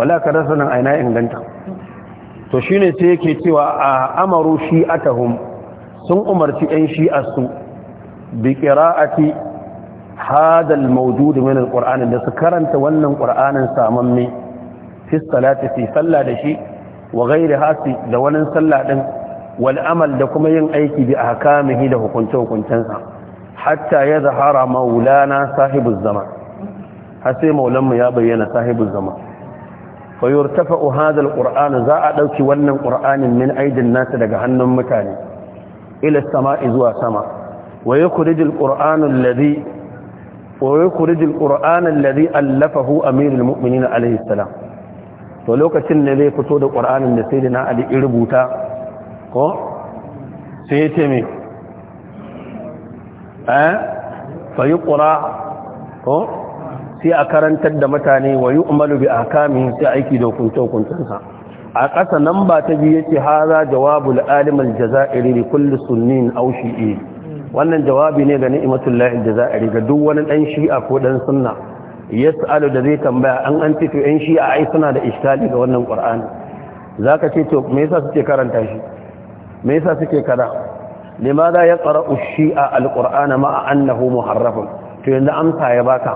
wala kalar sanin aina inganta to shine sai yake cewa a amaru atahum sun umarci 'yan shi'a su bi qira'ati hadal maududu min alqur'ani da su karanta wannan qur'anin samanmi fi salati fi salla da shi wa ghairi hasi da wannan salla din wal amal da kuma yin aiki bi ahkamihi da hukunce hukuncensa hatta ya zahara maulana sahibuz zaman har maulanmu ya bayyana sahibuz zaman fa yurtafa'u hadha za a ɗauki wannan qur'anin min aidin nasa daga hannun mutane ila sama'i zuwa sama wa yukhrij alqur'an alladhi wa yukhrij al-qur'ana alladhi allafahu amirul mu'minin alayhi salam to lokacin ne zai fito da qur'anin da sayyidina ali ya ko sai ya ce eh? ko sai a karantar da mutane wa yu'malu bi ahkamihi sai aiki a ƙasa nan ba ta biyu yace haza jawabul jazairi li wannan jawabi ne ga ni'matullahi da za a riga duk wani dan shi'a ko dan sunna yas'alu da zai tambaya an an to yan shi'a ai suna da ishtali ga wannan qur'ani zaka ce to me yasa suke karanta shi me yasa suke kada limadha yaqra'u shi'a alqur'ana ma'a annahu muharrafun to yanzu amsa ya baka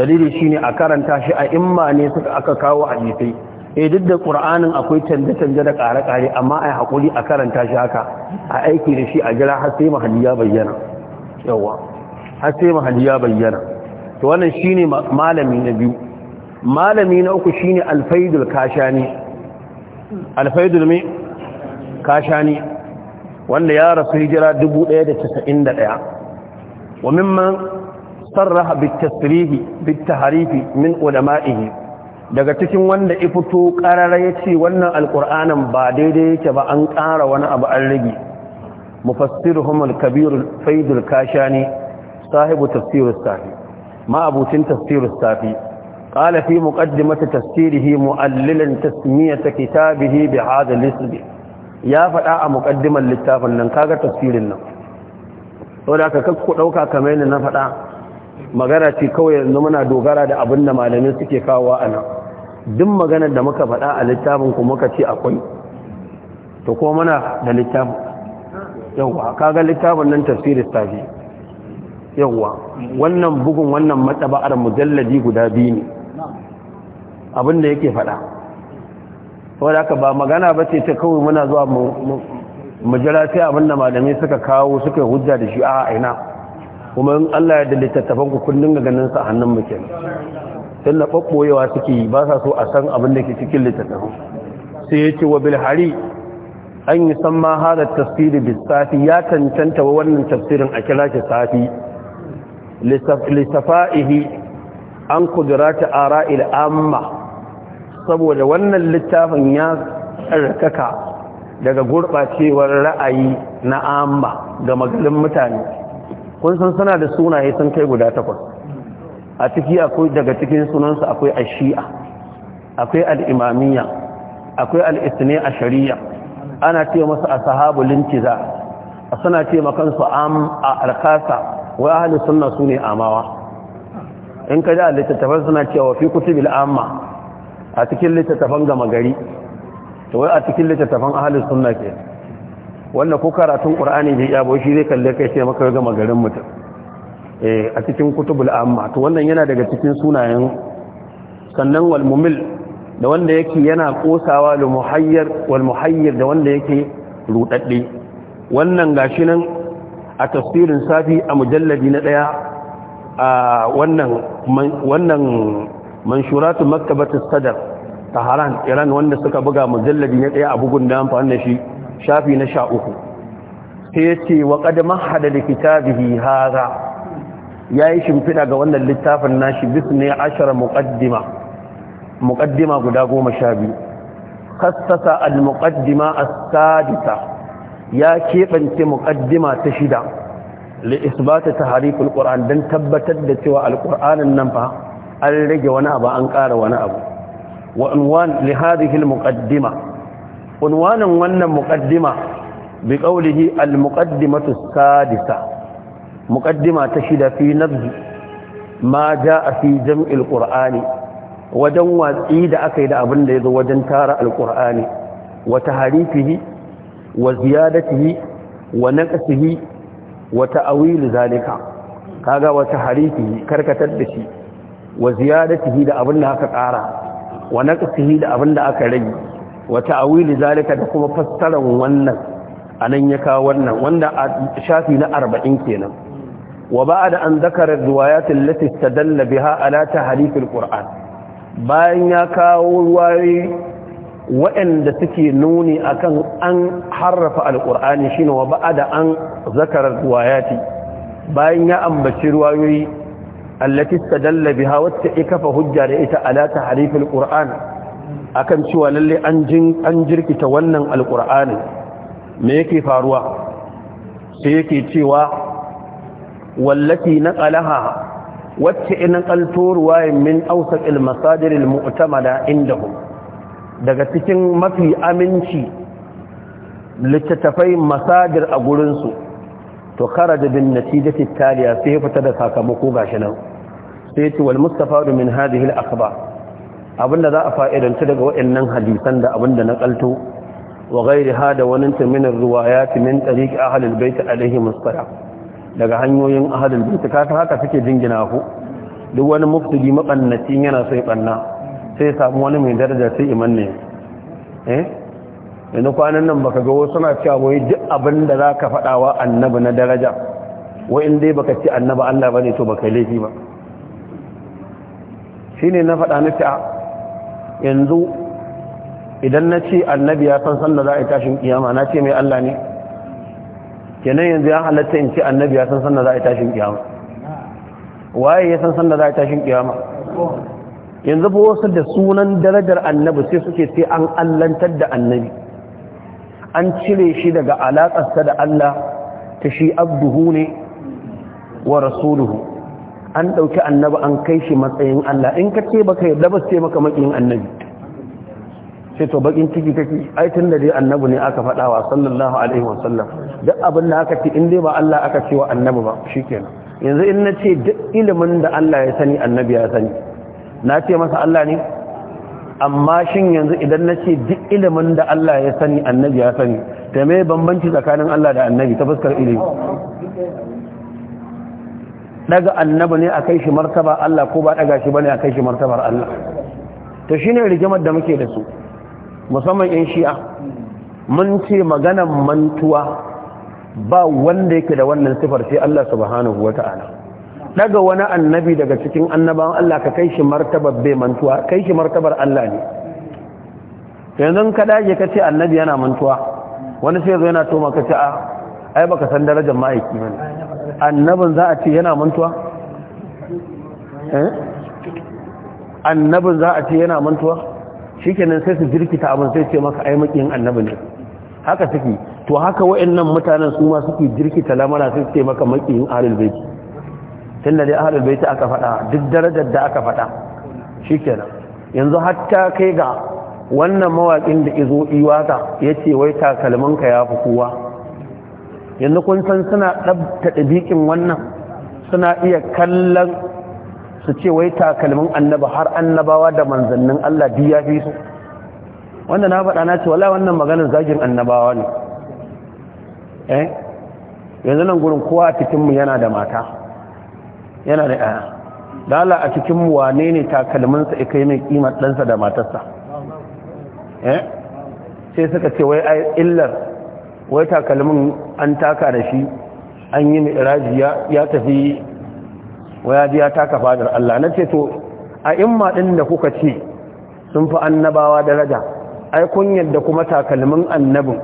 dalili shine a karanta shi a imma ne suka aka kawo hadisi eh duk da qur'anin akwai canje-canje da ƙare-ƙare amma a ai hakuri a karanta shi haka a aiki da shi a jira har sai mahalli ya bayyana yawa har sai mahalli ya bayyana to wannan shine malami na biyu malami na uku shine alfaidul kashani alfaidul me kashani wanda ya rasu hijira 1191 wa mimman sarraha bitasrihi bittaharifi min ulama'ihi daga cikin wanda ya fito ƙarara ya ce wannan alƙur'anin ba daidai yake ba an ƙara wani abu an rage mufassiruhum al Kabiru, faidul kashani sahibu tafsirus safi ma abutin tafsirus safi qala fi muqaddimati tafsirihi muallilan tasmiyata kitabihi bi hadha al ya faɗa a muƙaddiman littafin nan kaga tafsirin nan saboda ka kakku ɗauka kamar yadda na faɗa magana ce kawai yanzu muna dogara da abin da malamai suke kawo a nan duk magana da muka faɗa a littafin ku muka ce akwai to ko mana da littafin yawwa kaga littafin nan tafsirin tafi yawwa wannan bugun wannan matsaba'ar mujalladi guda biyu ne Abin da yake faɗa wadda aka ba magana ba ce ta kawai muna zuwa jira sai da malamai suka kawo suka hujja da shi a aina kuma in allah ya da tafanku ku kullum ga ganin sa hannun mu kenan sun na ɓaɓɓoyewa suke yi ba sa so a san abin da ke cikin littattafin sai ya ce wa bilhari an yi san ma hada tafsiri bisafi ya cancanta wa wannan tafsirin a kira shi safi lissafa'ihi an ta ara il'amma saboda wannan littafin ya tsarkaka daga gurɓacewar ra'ayi na amma ga magalin mutane kun san suna da sunaye sun kai guda takwas a ciki akwai daga cikin sunansu akwai ashi'a akwai al'imamiyya akwai al'isne a shari'a ana ce masu a sahabu lintiza suna ce makansu a alkasa wai ahli suna su ne amawa in ka ji a littattafan suna cewa fi kutubil amma a cikin littattafan gama gari to wai a cikin littattafan ahli suna ke wanda ko karatun qur'ani da yabo shi zai kalle kai sai maka gama garin mutum Eh, a cikin kutubul amma to wannan yana daga cikin sunayen sannan wal mumil da wanda yake yana kosawa da muhayyar wal muhayyir da wanda yake rudadde wannan gashi nan a tafsirin safi a mujalladi na daya a wannan wannan manshuratu as sadr taharan iran wanda suka buga mujalladi na daya a bugun da amfani da shi shafi na 13 sai yace wa qad mahada likitabihi hadha ya yi shimfiɗa ga wannan littafin nashi bisne ashara muƙaddima muƙaddima guda goma sha biyu kassasa al-muƙaddima as-sadisa ya keɓance muƙaddima ta shida li isbata tahriful qur'an dan tabbatar da cewa alqur'anin nan fa an rage wani abu an ƙara wani abu wa unwan li hadhihi muqaddima wannan muqaddima bi qawlihi al-muqaddimatu sadisa muqaddima ta shida fi nabzi ma jaa fi jam'il ƙurani wajen watsi da aka yi da abin da ya zo wajen tara alqur'ani wata taharifihi wa ziyadatihi wa naqsihi wa ta'wil zalika kaga wata taharifihi karkatar da shi wa ziyadatihi da abin da aka ƙara wa naqsihi da abin da aka rage wa ta'wil zalika da kuma fassarar wannan a nan ya kawo wannan wanda a shafi na arba'in kenan وبعد أن ذكر الروايات التي استدل بها على تحريف القرآن bayan ya kawo ruwaye waɗanda suke nuni akan an harrafa alƙur'ani shine wa ba'ada an zakarar ruwayati bayan ya ambaci ruwayoyi allati istadalla biha wacce ya kafa hujja da ita ala tahrifil qur'an akan cewa lallai an jirkita wannan alƙur'ani me yake faruwa sai yake cewa na ƙalaha wacce ina qalto ruwayin min awsaq masajirin masadir inda mutamada daga cikin mafi aminci littattafai masajir a gurinsu. To to kharaja bin natijati taliya sai fita da sakamako gashi nan sai ce wal mustafadu min hadhihi al abinda za a fa'idanta daga waɗannan hadisan da abinda na qalto وغير هذا ruwa ya الروايات من طريق أهل baita alaihi الصلاة daga hanyoyin ahadul baiti ta haka suke jingina ku duk wani muftudi mabannaci yana sai banna sai samu wani mai daraja sai iman ne eh yanzu kwanan nan baka ga wasu suna cewa wai duk abin da zaka faɗawa annabi na daraja wai in dai baka ci annabi Allah bane to baka laifi ba shine na faɗa na ta yanzu idan na ce annabi ya san san da za a yi tashin kiyama na ce mai Allah ne kenan yanzu ya halatta in ci annabi ya san sannan za a yi tashin kiyama waye ya san sannan za a yi tashin kiyama yanzu ba wasu da sunan darajar annabi sai suke sai an allantar da annabi an cire shi daga alaƙarsa da Allah ta shi abduhu ne wa rasuluhu an ɗauki annabi an kai shi matsayin Allah in ka ce baka yadda ba sai maka makiyin annabi sai to bakin ciki take ai tun da dai annabi ne aka fada wa sallallahu alaihi wa sallam duk abin da aka ce in dai ba Allah aka ce wa annabi ba shikenan yanzu in na ce duk ilimin da Allah ya sani annabi ya sani na ce masa Allah ne amma shin yanzu idan na ce duk ilimin da Allah ya sani annabi ya sani ta me bambanci tsakanin Allah da annabi ta fuskar ilimi daga annabi ne a kai shi martaba Allah ko ba daga shi bane a kai shi martabar Allah to shine rigimar da muke da su musamman yan shi'a mun ce maganan mantuwa ba wanda yake da wannan sifar sai Allah subhanahu ta'ala daga wani annabi daga cikin annabawan Allah ka kai shi martabar bai mantuwa kai shi martabar Allah ne yanzu ka dage ka ce annabi yana mantuwa wani sai zo yana toma ka ce a ah, ai baka san darajar ma'aiki ne annabin za a ce yana mantuwa eh annabin za a ce yana mantuwa shikenan sai su jirkita abin sai ce maka ai makiyin annabi ne haka suke to haka wayannan mutanen su ma suke jirkita lamara sai ce maka makiyin ahlul bait tunda dai ahlul bait aka faɗa duk darajar da aka faɗa shikenan yanzu hatta kai ga wannan mawakin da izo iwata yace wai takalminka ya fi kowa yanzu kun san suna ɗabta ɗabiƙin wannan suna iya kallon su ce wai takalmin annaba har annabawa da manzannin Allah duk ya fi su wanda na faɗa na ce wala wannan maganar zagin annabawa ne eh yanzu nan gurin kowa a cikinmu yana da mata yana da ɗaya lala a cikinmu wane ne takalminsa ya kai mai kimar ɗansa da matarsa eh sai suka ce wai illar wai takalmin an taka da shi an yi mai ya tafi waya biya ta taka fadar Allah na ce to a imma din da kuka ce sun fi annabawa daraja ai kun yadda kuma takalmin annabin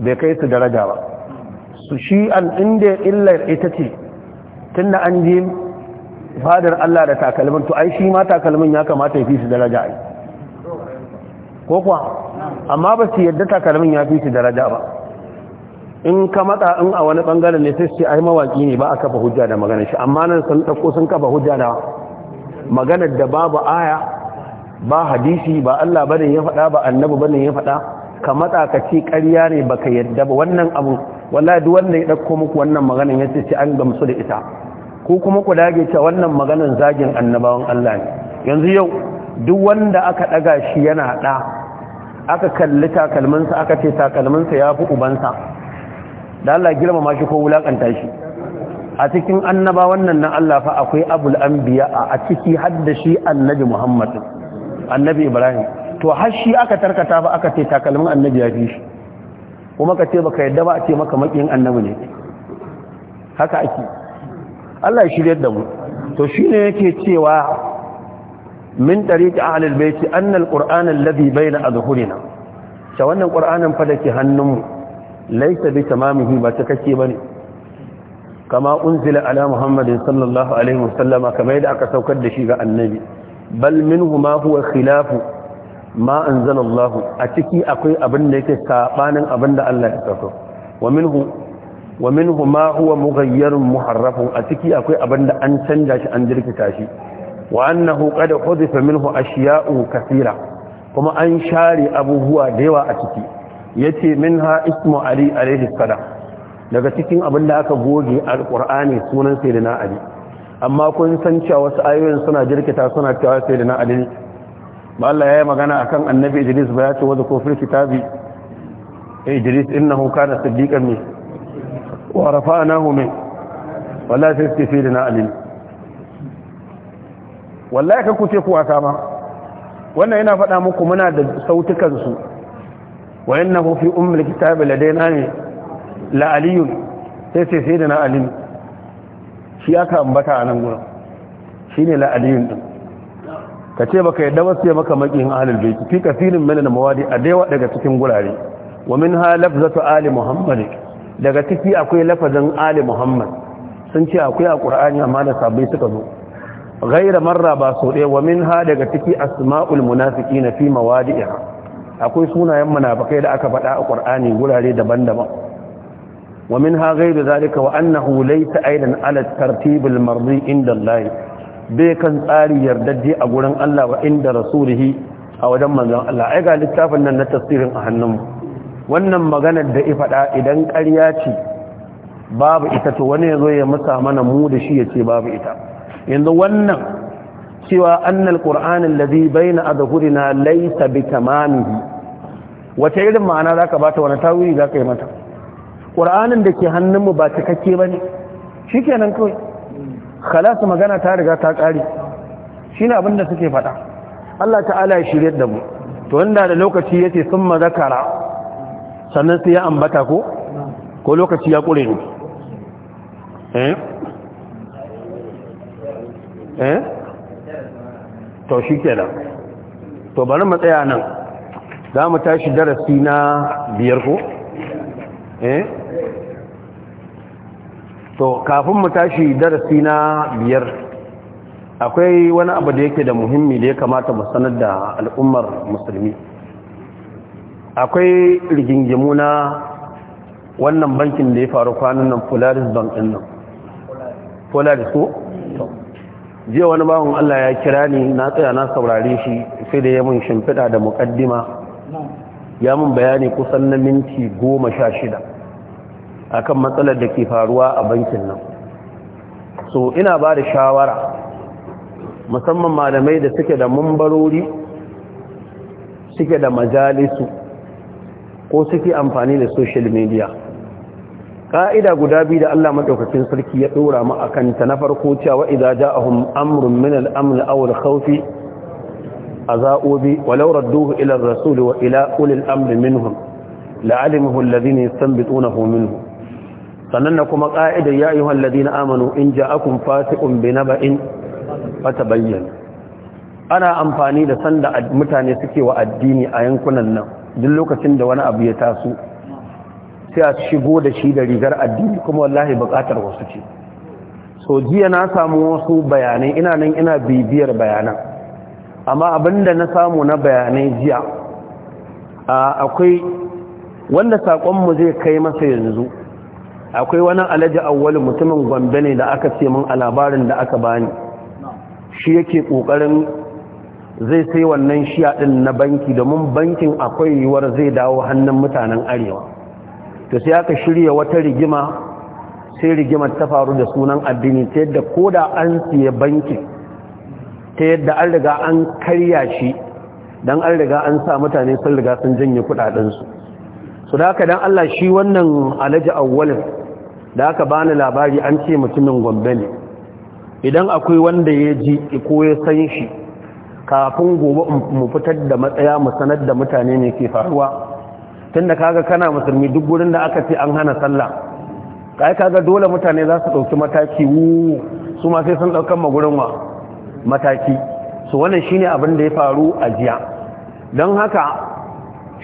bai kai su daraja ba su shi an inda illar ita ce tunda an ji fadar Allah da takalmin to ai shi ma takalmin ya kamata ya fi su daraja ai ko kuwa amma ba su yadda takalmin ya fi su daraja ba in ka matsa in a wani bangaren ne sai ce ai mawaki ne ba a kafa hujja da magana shi amma nan sun dauko sun kafa hujja da maganar da babu aya ba hadisi ba Allah bane ya faɗa ba annabi bane ya faɗa ka matsa ka ce ƙarya ne baka yadda ba wannan abu wallahi duk wanda ya dauko muku wannan maganar ya ce an gamsu da ita ko kuma ku dage ta wannan maganar zagin annabawan Allah ne yanzu yau duk wanda aka daga shi yana da aka kalli takalminsa aka ce takalminsa ya fi ubansa da Allah girmama shi ko wulakanta shi a cikin annaba wannan na Allah fa akwai abul anbiya a ciki hadda shi annabi Muhammad annabi Ibrahim to har shi aka tarkata ba aka ce takalmin annabi ya fi shi kuma ka ce baka yadda ba a ce maka makiyin annabi ne haka ake Allah ya shirye da mu to shi ne yake cewa min tariqi ahlul baiti anna alqur'ana alladhi bayna adhhurina ta wannan qur'anin fa dake hannunmu laisa bi tamamihi ba ta cikakke bane kama unzila ala muhammadin sallallahu alaihi wasallama kamar yadda aka saukar da shi ga annabi bal minhu ma huwa khilafu ma anzalallahu a ciki akwai abin da yake sabanin abin da Allah ya sauko wa minhu wa minhu ma huwa mughayyarun muharrafun a ciki akwai abin da an canja shi an jirkita shi wa annahu qad hudifa minhu ashiya'u kathira kuma an share abubuwa da yawa a ciki Ya ce min ha ismu ali alaihi salam daga cikin abin da aka goge alƙur'ani sunan sayyidina ali amma kun san cewa wasu ayoyin suna jirkita suna cewa sayyidina ali ba Allah ya yi magana akan annabi Idris ba ya ce wanda kofin kitabi eh, Idris innahu kana siddiqan min wa rafa'nahu min wallahi sai sayyidina ali wallahi ka kuce kuwa kama wannan yana faɗa muku muna da sautukansu wa yannahu fi ummul kitabi ladaina ne la aliyun sai sai sai da na shi aka ambata a nan gurin shine la aliyun din ka ce baka yadda wasu ya maka makin ahlul bayt fi kafirin min al-mawadi a daiwa daga cikin gurare wa minha lafzatu ali muhammad daga ciki akwai lafazin ali muhammad sun ce akwai a qur'ani amma da sabai suka zo ghaira marra ba so dai wa minha daga ciki asma'ul munafiqina fi mawadi'iha akwai sunayen munafikai da aka faɗa a Qur'ani gurare daban-daban wa min ha ghayru zalika wa annahu laysa aidan ala tartib al-mardi inda Allah bai kan tsari yardajje a gurin Allah wa inda rasulihi a wajen manzon Allah ai ga littafin nan na tasirin a mu. wannan maganar da i faɗa idan karya ce babu ita to wani ya zo ya musa mana mu da shi ya ce babu ita yanzu wannan cewa annal qur'anin ladhi baina adhhurina laysa bitamamihi wace irin ma'ana zaka bata wani tawili zaka yi mata qur'anin da ke hannunmu ba cikakke bane shikenan kawai khalas magana ta riga ta kare shine abin da suke faɗa Allah ta'ala ya shirye da mu to wanda da lokaci yace sun mazakara sannan sai ya ambata ko ko lokaci ya kure ni eh eh to shi kenan to bari mu tsaya nan za mu tashi darasi na biyar ko eh to kafin mu tashi darasi na biyar akwai wani abu da yake da muhimmi da ya kamata mu sanar da al'ummar musulmi akwai rigingimu na wannan bankin da ya faru kwanan nan polaris bank din nan polaris ko jiya wani bawon Allah ya kira ni na tsaya na saurare shi sai da ya mun shimfiɗa da muƙaddima ya mun bayani kusan na minti goma sha shida a kan matsalar da ke faruwa a bankin nan so ina ba da shawara musamman malamai da suke da mambarori suke da majalisu ko suke amfani da social media Ka'ida guda biyu da Allah maɗaukakin sarki ya ɗora mu a kanta na farko cewa idan ja'ahum amrun min al-amn aw al-khawf aza'u bi walau radduhu ila ar-rasul wa ila ulil amri minhum la'alimahu alladhina yastanbitunahu minhu sannan kuma ka'idar ya ayyuhal ladina amanu in ja'akum fasiqun bi naba'in fatabayyan ana amfani da sanda mutane suke wa addini a yankunan nan duk lokacin da wani abu ya taso sai a shigo da shi da rigar addini kuma wallahi bukatar wasu ce so jiya na samu wasu bayanai ina nan ina bibiyar bayanan amma abinda na samu na bayanai jiya akwai wanda saƙonmu zai kai masa yanzu akwai wani alaji awwali mutumin gwambe ne da aka ce min a labarin da aka bani shi yake ƙoƙarin zai sai wannan shiya ɗin na banki domin bankin akwai yiwuwar zai dawo hannun mutanen arewa to sai aka shirya wata rigima sai rigimar ta faru da sunan addini ta yadda ko da an siya banki ta yadda an riga an karya shi don an riga an sa mutane sun riga sun janye kudadensu su da haka don allah shi wannan alhaji awwal da aka bani labari an ce mutumin gombe ne idan akwai wanda ya ji ko ya san shi kafin gobe mu fitar da matsaya mu sanar da mutane ne ke faruwa tunda kaga kana musulmi duk gurin da aka ce an hana sallah kai kaga dole mutane za su dauki mataki wu su ma sai sun daukan magurin wa mataki su wannan shine abin da ya faru a jiya don haka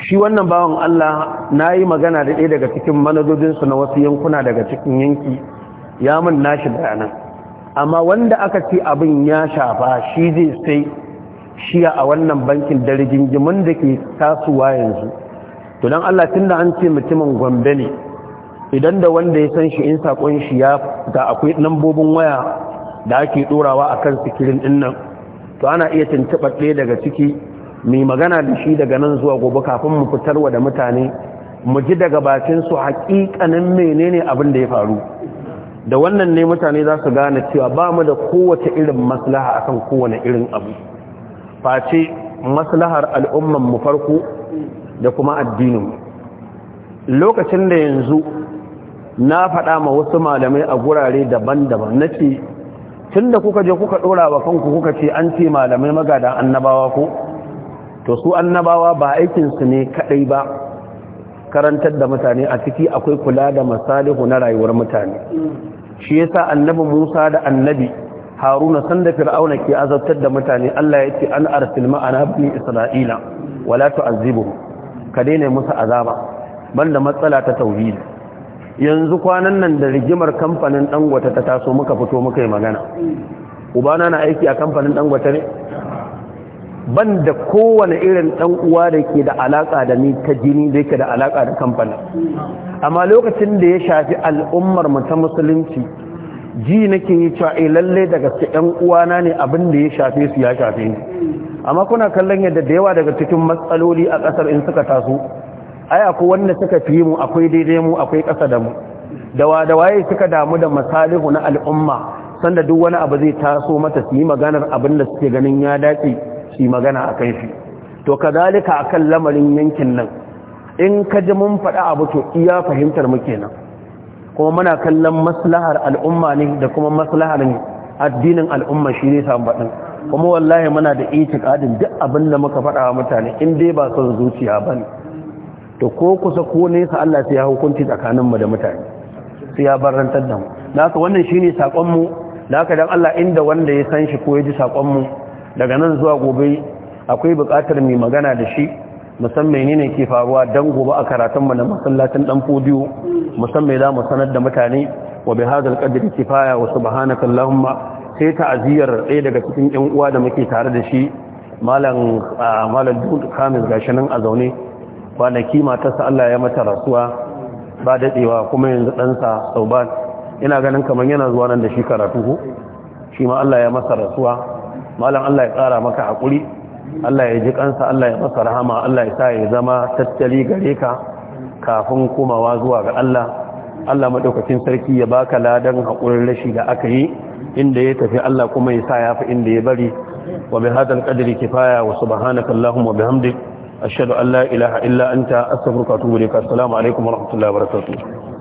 shi wannan bawan Allah na yi magana da ɗaya daga cikin manajojinsu na wasu yankuna daga cikin yanki ya mun nashi bayanan amma wanda aka ce abin ya shafa shi zai sai shiya a wannan bankin da rigingimin da ke tasowa yanzu to dan Allah tunda an ce mutumin Gombe ne idan da wanda ya san shi in sakon shi ya da akwai lambobin waya da ake dorawa akan sikirin din nan to ana iya tuntuba ɗaya daga ciki mai magana da shi daga nan zuwa gobe kafin mu fitarwa da mutane mu ji daga bakin su haƙiƙanin menene abin da ya faru da wannan ne mutane za su gane cewa ba mu da kowace irin maslaha akan kowane irin abu face maslahar al'umman mu farko da kuma addinin lokacin da yanzu na faɗa ma wasu malamai a gurare daban-daban na ce tun da kuka je kuka ɗora wa kanku kuka ce an ce malamai magadan annabawa ko to su annabawa ba aikinsu ne kaɗai ba karantar da mutane a ciki akwai kula da masalihu na rayuwar mutane shi yasa annabi Musa da annabi Haruna sanda Fir'auna ke azabtar da mutane Allah ya ce an arsil ma'ana bani Isra'ila wala tu'azibuhum ka daina musu azaba banda matsala ta tauhidi yanzu kwanan nan da rigimar kamfanin gwata ta taso muka fito muka yi magana ubana na aiki a kamfanin gwata ne ban kowane irin dan uwa da ke da alaka da ni ta jini da yake da alaka da kamfanin amma lokacin da ya shafi al'ummar mu ta musulunci ji nake yi cewa eh, lalle da gaske yan uwana ne abin da ya shafe su ya shafe ni amma kuna kallon yadda da yawa daga cikin matsaloli a ƙasar in suka taso ai akwai wanda suka fi mu akwai daidai mu akwai ƙasa da mu da da waye suka damu da masalihu na al'umma sanda duk wani abu zai taso mata su yi maganar abin da suke ganin ya dace su yi magana a kan shi to kazalika akan lamarin yankin nan in ka ji mun faɗa abu to iya fahimtar mu kenan kuma muna kallon maslahar al'umma ne da kuma maslahar addinin al'umma shi ne samun baɗin kuma wallahi muna da itikadin duk abin da muka faɗa wa mutane in dai ba son zuciya ba ne to ko kusa ko nesa Allah sai ya hukunci tsakaninmu da mutane sai ya barantar da mu haka wannan ne saƙonmu da haka dan Allah inda wanda ya san shi ko ya ji saƙonmu? daga nan zuwa gobe akwai buƙatar mai magana da shi musamman ne ne ke faruwa don gobe a karatunmu na masallacin dan fodiyo musamman za mu sanar da mutane wa bi hadal qadri kifaya wa subhanaka allahumma sai ta'aziyar ɗaya daga cikin ɗan uwa da muke tare da shi malam malam Dud Kamis gashi nan a zaune kwanaki matarsa Allah ya mata rasuwa ba dadewa kuma yanzu ɗansa Sauban ina ganin kamar yana zuwa nan da shi karatu ko shi ma Allah ya masa rasuwa malam Allah ya tsara maka hakuri Allah ya ji kansa Allah ya masa rahama Allah ya sa ya zama tattali gare ka kafin komawa zuwa ga Allah Allah madaukakin sarki ya baka ladan hakurin rashi da aka yi inda ya tafi Allah kuma ya sa ya fi inda ya bari wa bi hadal qadri kifaya wa subhanaka allahumma wa bihamdik ashhadu an la ilaha illa anta astaghfiruka wa atubu ilaik assalamu alaikum wa rahmatullahi wa barakatuh